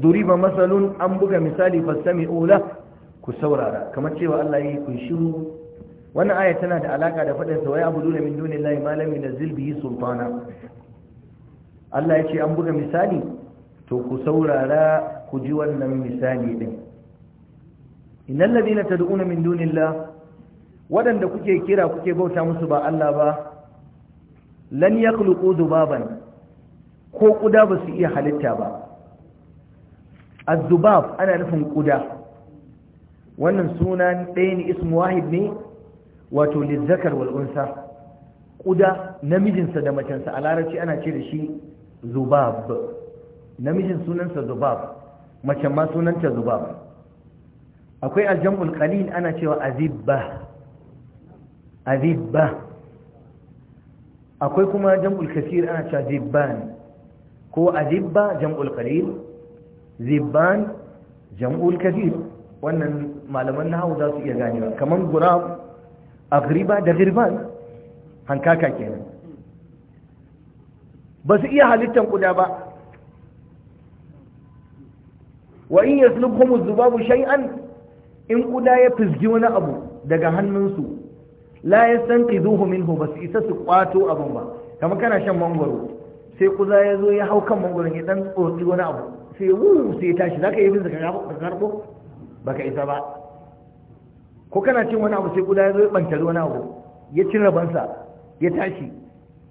duriba masalun an buga misali sami ula ku saurara kamar cewa Allah yi kun shiru wannan aya tana da alaka da fadin sa wai abuduna min dunillahi ma lam yunzil bihi sultana Allah ya ce an buga misali to ku saurara ku ji wannan misali din innal ladina tad'una min la, wadanda kuke kira kuke bauta musu ba Allah ba lan yakhluqu dubaban ko kuda ba su iya halitta ba az-zubab ana nufin kuda wannan suna ɗaya ne ismu wahid ne wato lizzakar wal unsa kuda namijinsa da macensa a larabci ana ce da shi zubab namijin sunansa zubab macen ma sunanta zubab akwai aljam'ul qalil ana cewa azibba azibba akwai kuma jam'ul kasir ana cewa zibban ko azibba jam'ul qalil zibban jam'ul kadir wannan malaman nahawu za su iya ganewa kamar Guram, agriba da girban hankaka kenan ba su iya halittar kuda ba wa in yaslubhum az-zubabu shay'an in kuda ya fizgi wani abu daga hannunsu la yastanqidhuhu minhu bas isa su kwato abun ba kamar kana shan mangoro sai kuda ya zo ya hau kan mangoron ya dan tsotsi wani abu sai wu sai tashi za ka yi bisa ka karɓo ba ka isa ba ko kana cin wani abu sai guda ya zo ya ɓanta wani abu ya cin rabansa ya tashi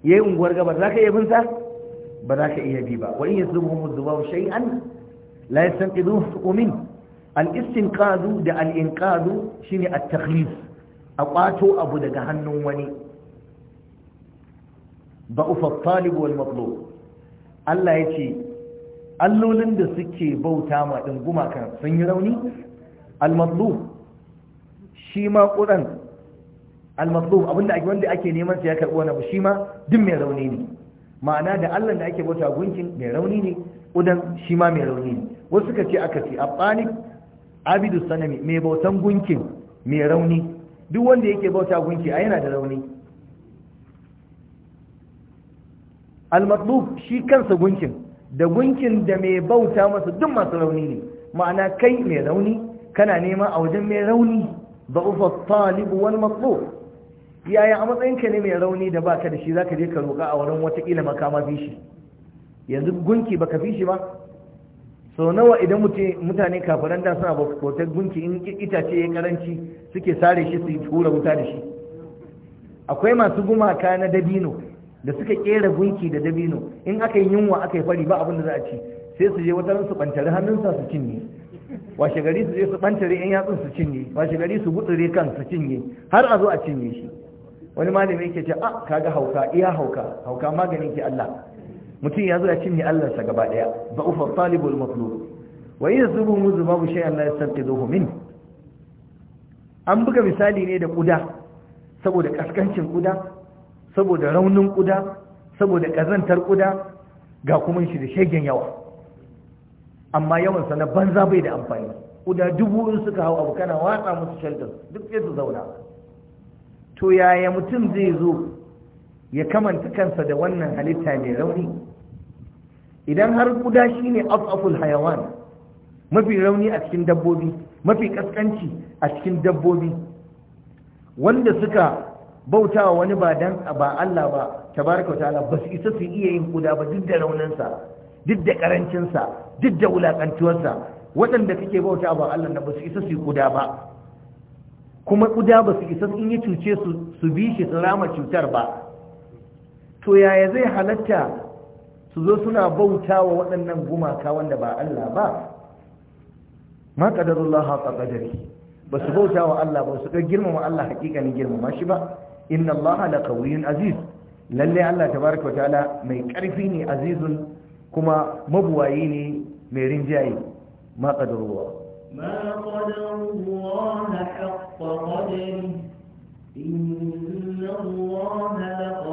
ya yi unguwar gaba za ka iya binsa ba za ka iya bi ba wa in yasu mu zuba shay'an la yastanqidhu min al-istinqadu da al-inqadu shine at-takhlif a kwato abu daga hannun wani ba ba'ufa talib wal matlub Allah ya ce. allolin da suke bauta ma ɗin gumakan sun yi rauni almatlub shi ma ƙuran almatlub abinda ake wanda ake neman sa ya karɓi wani abu shi ma duk mai rauni ne ma'ana da allah da ake bauta gunkin mai rauni ne ƙudan shi ma mai rauni ne wasu suka ce aka ce abbanik abidu sanami mai bautan gunkin mai rauni duk wanda yake bauta gunki a yana da rauni almatlub shi kansa gunkin da gunkin da mai bauta masa duk masu rauni ne ma'ana kai mai rauni kana nema a wajen mai rauni ba ufa talibu wani matso yaya a matsayinka ne mai rauni da baka da shi zaka je ka roƙa a wurin watakila makama fi shi yanzu gunki baka fi shi ba so nawa idan mutane kafiran da suna bauta gunki in itace ya karanci suke sare shi su yi tura wuta da shi akwai masu gumaka na dabino da suka kera gunki da dabino in aka yi yunwa aka yi fari ba abin da za a ci sai su je wata su bantare hannunsa su cinye washe gari su je su bantare yan yatsun su cinye washe gari su gutsure kan su cinye har a zo a cinye shi wani malami yake ce a ah, kaga hauka iya hauka hauka maganin ki Allah mutum ya zo ya cinye Allah sa gaba daya ba ufa talibul matlub wa yasbu muzbabu shay'an la yastanqidhuhu min an buga misali ne da kuda saboda kaskancin kuda saboda raunin ƙuda saboda ƙazantar ƙuda ga kuma shi da shegen yawa amma yawansa na banza bai da amfani ƙuda dubu in suka hau abu kana watsa musu shelter duk sai su zauna to yaya mutum zai zo ya kamanta kansa da wannan halitta mai rauni idan har ƙuda shine af'aful hayawan mafi rauni a cikin dabbobi mafi kaskanci a cikin dabbobi wanda suka bautawa wani ba dan ba Allah ba tabaraka wa ta'ala ba su isa su iya yin kuda ba duk da rauninsa duk da karancinsa duk da sa waɗanda kake bauta ba Allah na ba su isa su yi kuda ba kuma kuda ba su isa in yi cuce su su bi shi su rama cutar ba to yaya zai halatta su zo suna bautawa waɗannan gumaka wanda ba Allah ba ma kadarullah haqa qadari ba su bauta Allah ba su ga girmama Allah hakikanin girmama shi ba inna allaha laqawiyyun aziz lalle Allah tabaraka ta'ala mai ƙarfi ne azizun kuma mabuwayi ne mai rinjaye ma qadarullah ma qadarullah haqqa qadari inna allaha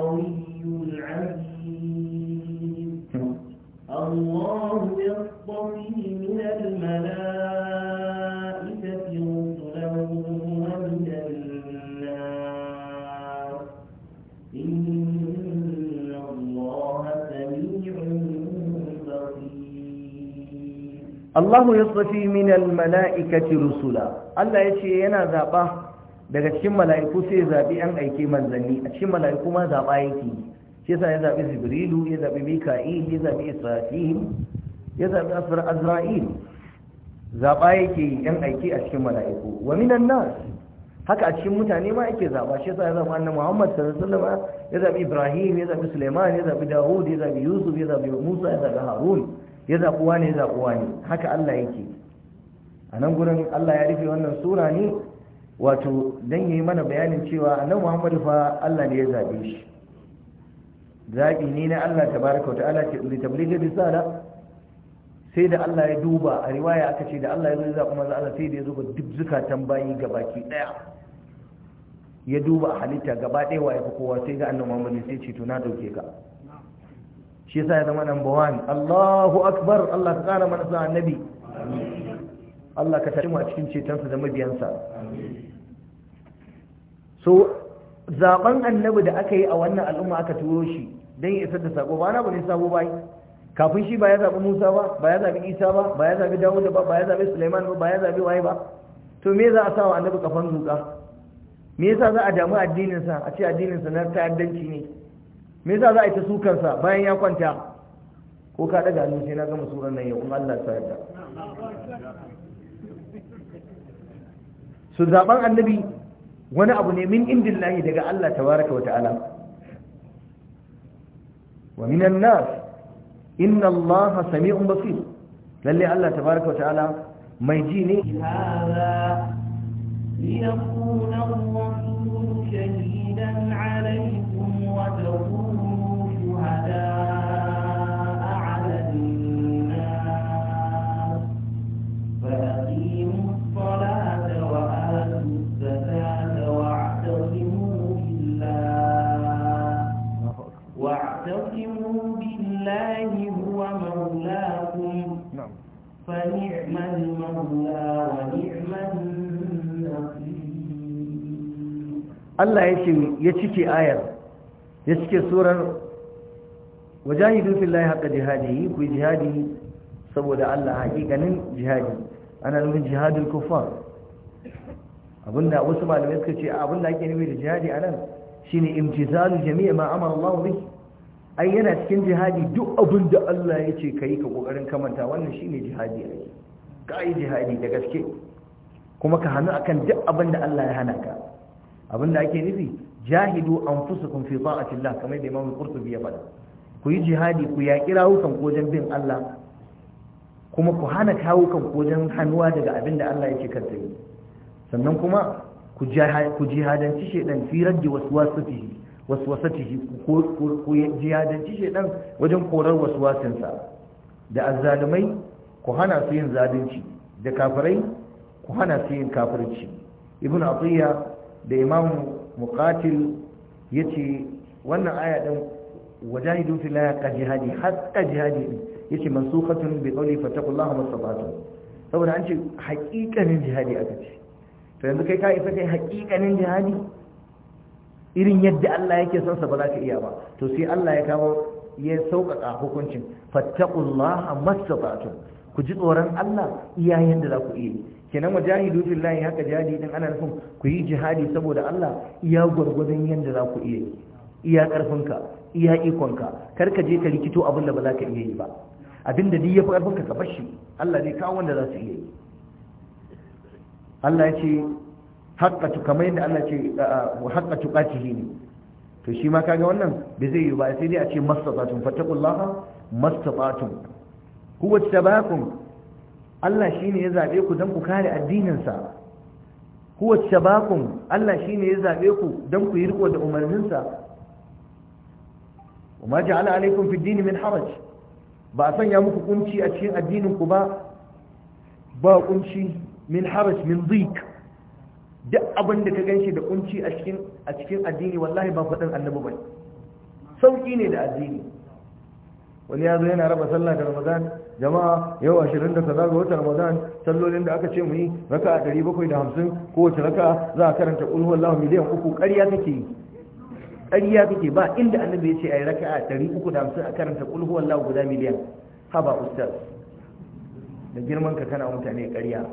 Allahu yasfi min almalaikati rusula Allah ya ce yana zaba daga cikin mala'iku sai zaɓi an aike manzanni a cikin mala'iku ma zaba yake shi yasa ya zabi Jibrilu ya zabi Mika'il ya zabi Israfil ya zabi Azra'il zaba yake yan aiki a cikin mala'iku wa minan nas haka a cikin mutane ma yake zaba shi yasa ya zaba annabi Muhammad sallallahu alaihi wasallam ya zabi Ibrahim ya zabi Suleiman, ya zabi Dawud ya zabi Yusuf ya zabi Musa ya zabi Harun ya zaɓuwa ne ya zaɓuwa ne haka Allah yake a nan gudun Allah ya rufe wannan sura ne wato don yi mana bayanin cewa nan Muhammadu fa Allah ne ya zaɓe shi zaɓi ne na Allah ta baraka wata ala ke ɗuri tablighi da sai da Allah ya duba a riwaya aka ce da Allah ya zuwa kuma za'ala Allah sai da ya zuba duk zukatan bayi gabaki ɗaya ya duba a halitta gaba ɗaya wa ya fi kowa sai ga annan Muhammadu sai ce to na ɗauke ka shi yasa ya zama number one Allahu akbar Allah ka kara mana sa annabi Allah ka tashi mu a cikin cetonsa da mabiyansa so zaben annabi da aka yi a wannan al'umma aka turo shi dan ya isar da sako ba na bane sabo bai kafin shi ba ya zabi Musa ba ba ya zabi Isa ba ba ya zabi Dawud ba ba ya zabi Sulaiman ba ba ya zabi Wai ba to me za a sa wa annabi kafan zuka me yasa za a damu addinin sa a ce addinin sa na ta'addanci ne me yasa za a yi ta sukansa bayan ya kwanta ko ka daga hannu sai na gama surar nan yau in Allah ta yarda su zaben annabi wani abu ne min indillahi daga Allah tabaraka wata'ala wa minan nas inna Allah sami'un basir lalle Allah tabaraka wata'ala mai ji ne ليكون الرسول شهيدا عليكم وتكونوا Allah ya ce ya cike ayar ya cike surar wajahidu fillahi haqqa jihadihi ku jihadi saboda Allah hakikanin jihadi ana nufin jihadul kuffar abinda wasu malamai suka ce abinda ake nufi da jihadi anan shine imtizalu jami'a ma amara Allah bihi ai yana cikin jihadi duk abin da Allah ya ce ka yi ka ƙoƙarin kamanta wannan shi ne jihadi ake. yi ka yi jihadi da gaske kuma ka hannu akan duk abin da Allah ya hana ka abin da ake nufi jahidu an fusa kun fi ba'atillah kamar da imamu qurtubi ya faɗa ku yi jihadi ku yaƙi rawukan kojan bin Allah kuma ku hana kawukan kojan hannuwa daga abin da Allah yake kanta yi sannan kuma ku jihadanci shaidan wasu wasu wasu wasu ku ku jihadanci shaidan wajen korar wasu wasansa? da azzalumai ku hana su yin zalunci da kafirai ku hana su yin kafirci Ibn abiyya da imam muqatil yace wannan aya din wajahidu fi ka jihadi hatta jihadi yace mansukhatun bi qawli fattaqullaha mastata'tum saboda an ce haƙiƙanin jihadi aka ce Ta yanzu kai ka isa kai haƙiƙanin jihadi irin yadda Allah yake son sa ba za ka iya ba to sai Allah ya kawo ya sauƙaƙa hukuncin fattaqullaha mastata'tum ku ji tsoron Allah iya yadda za ku iya kenan wajahidu fillahi haka jihadi din ana nufin ku yi jihadi saboda Allah iya gwargwadon yadda za ku iya iya ƙarfinka iya ikonka kar ka je ka rikito abin da ba za ka iya yi ba abin da ya fi ƙarfinka ka bashi Allah zai kawo wanda za su iya yi Allah ya ce haƙƙa kamar yadda Allah ce haƙƙatu ƙacihi ne to shi ma kaga wannan bai zai yi ba sai dai a ce mastata'tum fattaqullaha mastata'tum huwa tabakum Allah shi ne ya zaɓe ku don ku kare addininsa. sa huwa tabakum Allah shi ne ya zaɓe ku don ku yi riko da umarninsa وما جعل عليكم في الدين من حرج ba sanya muku kunci a cikin addinin ku ba ba kunci min haraj min dhik duk abin da ka ganshi da kunci a cikin a cikin addini wallahi ba faɗin annabi bane sauki ne da addini wani ya zo yana raba sallah da ramadan jama'a yau 20 da kaza ga watan ramadan sallolin da aka ce mu yi raka 750 kowace raka za a karanta ulhu wallahi miliyan uku ƙarya kake yi ƙarya kake ba inda annabi ya ce a yi raka'a hamsin a karanta kul huwallahu guda miliyan haba ustaz da girman ka kana mutane ƙarya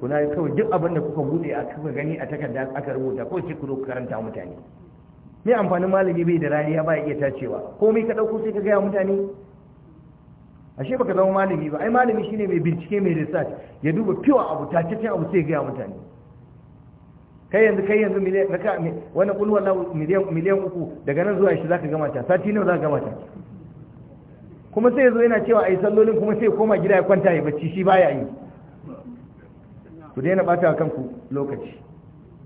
kuna kawai duk abin da kuka buɗe a kuka gani a takarda aka rubuta ko ce ku karanta mutane me amfanin malami bai da rariya ba iya tacewa komai ka ɗauko sai ka gaya mutane ashe baka zama malami ba ai malami shine mai bincike mai research ya duba fiwa abu cikin abu sai ya gaya mutane kai yanzu kai yanzu miliyan naka wani kulwa na miliyan uku daga nan zuwa shi zaka gama ta sati nawa zaka gama ta kuma sai yazo yana cewa ai sallolin kuma sai koma gida ya kwanta ya bacci shi baya yi ku daina bata kan ku lokaci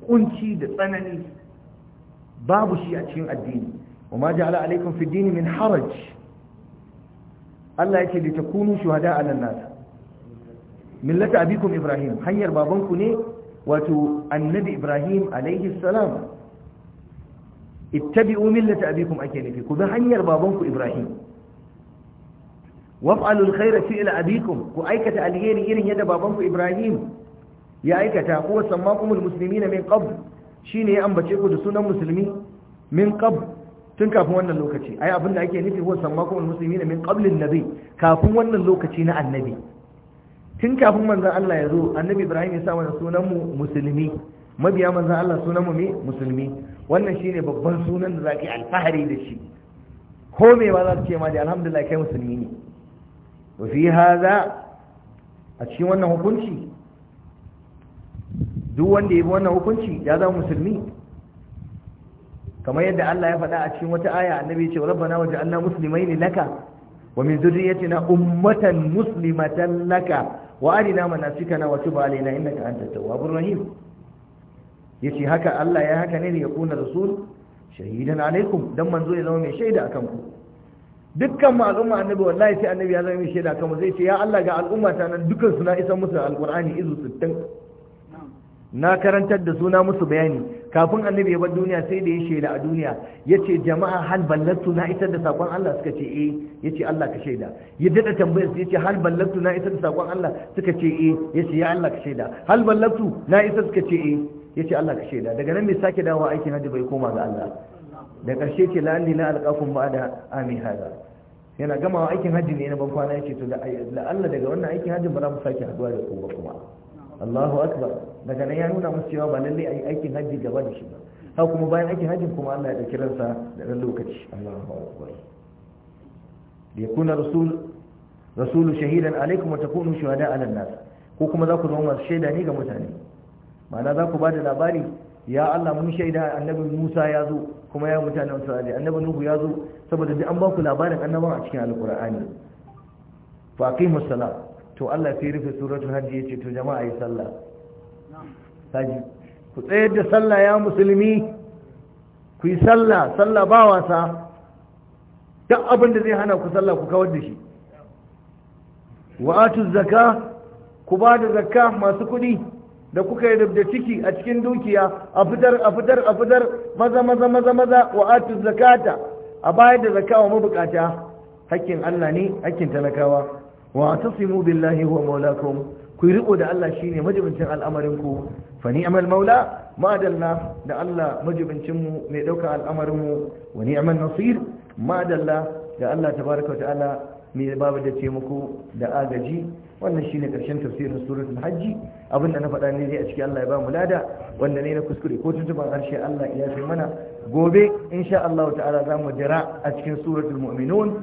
kunci da tsanani babu shi a cikin addini وما جعل عليكم في الدين من حرج Allah yake da takunu shuhada ala nas millata abikum ibrahim hanyar babanku ne wato annabi ibrahim alaihi salam ittabi'u millata abikum ake nufi ku bi hanyar babanku ibrahim waf'alu alkhayra fi'la abikum ku aikata alheri irin yadda babanku ibrahim ya aikata ku sammakum almuslimina min qabl shine ya ambace ku da sunan musulmi min qabl tun kafin wannan lokaci ai abinda ake nufi huwa sammakum almuslimina min qabl an-nabi kafin wannan lokaci na annabi tun kafin manzan Allah ya zo annabi Ibrahim ya sa mana sunan mu musulmi mabiya manzan Allah sunan mu me musulmi wannan shine babban sunan da zaka yi alfahari da shi ko me ba za ce ma da alhamdulillah kai musulmi ne wa fi hadha a cikin wannan hukunci duk wanda ya bi wannan hukunci ya zama musulmi kamar yadda Allah ya faɗa a cikin wata aya annabi ya ce rabbana waj'alna muslimaini laka wa min dhurriyyatina ummatan muslimatan laka وارنا مناسكنا وتب علينا انك انت التواب الرحيم yace haka Allah ya haka ne ya kuna rasul shahidan alaikum dan manzo ya zama mai shaida akan ku dukkan al'umma annabi wallahi sai annabi ya zama mai shaida akan zai ce ya Allah ga al'umma ta nan dukkan suna na isa musu alqur'ani izu 60 na karantar da suna musu bayani kafin annabi ya bar duniya sai da ya shaida a duniya Ya ce jama'a hal ballatu na isar da sakon Allah suka ce eh ya ce Allah ka shaida ya dada tambayar ya ce hal ballatu na isar da sakon Allah suka ce eh yace ya Allah ka shaida hal ballatu na isar suka ce eh ya ce Allah ka shaida daga nan bai sake dawowa aikin hajji bai koma ga Allah da karshe ce la anni la alqakum ba'da Amin hada yana gamawa aikin hajji ne na ban kwana ya ce to da Allah daga wannan aikin hajjin ba za mu sake haɗuwa da ku ba kuma Allahu akbar daga nan ya nuna musu cewa ba lallai a yi aikin hajji gaba da shi ba haka kuma bayan aikin hajjin kuma Allah ya ɗauki ransa da ɗan lokaci Allahu akbar ya kuna rasulu shahidan alaikum wa takunu shuhada ala nas ko kuma za ku zama masu shaida ne ga mutane ma'ana za ku ba da labari ya Allah mun shaida annabi Musa ya zo kuma ya mutane Isra'ila annabi Nuhu ya zo saboda duk an ba ku labarin annaban a cikin alkur'ani fa aqimus salat to Allah sai rufe suratul hajji yace to jama'a yi sallah taji ku tsayar da sallah ya musulmi ku yi sallah sallah ba wasa duk abin da zai hana ku sallah ku kawar da shi wa'atu zakka ku ba da zakka masu kuɗi da kuka yi da ciki a cikin dukiya a fitar a fitar a fitar maza maza maza maza wa'atu zakata a bayar da zakka wa mabukata hakkin Allah ne hakkin talakawa wa tasimu billahi huwa maulakum ku yi riko da Allah shine majibincin al'amarin ku fa ni'mal maula ma'adalla da Allah majibincin mai dauka al'amarinmu. mu wa ni'mal nasir Ma'adalla da Allah tabaaraka ta'ala mai babu da ce muku da agaji wannan shine karshen tafsirin suratul hajji Abin da na faɗa ne dai a cikin Allah ya ba mu lada wanda ne na kuskure ko tuntuban harshe Allah ya fi mana gobe insha Allah ta'ala za mu jira a cikin suratul mu'minun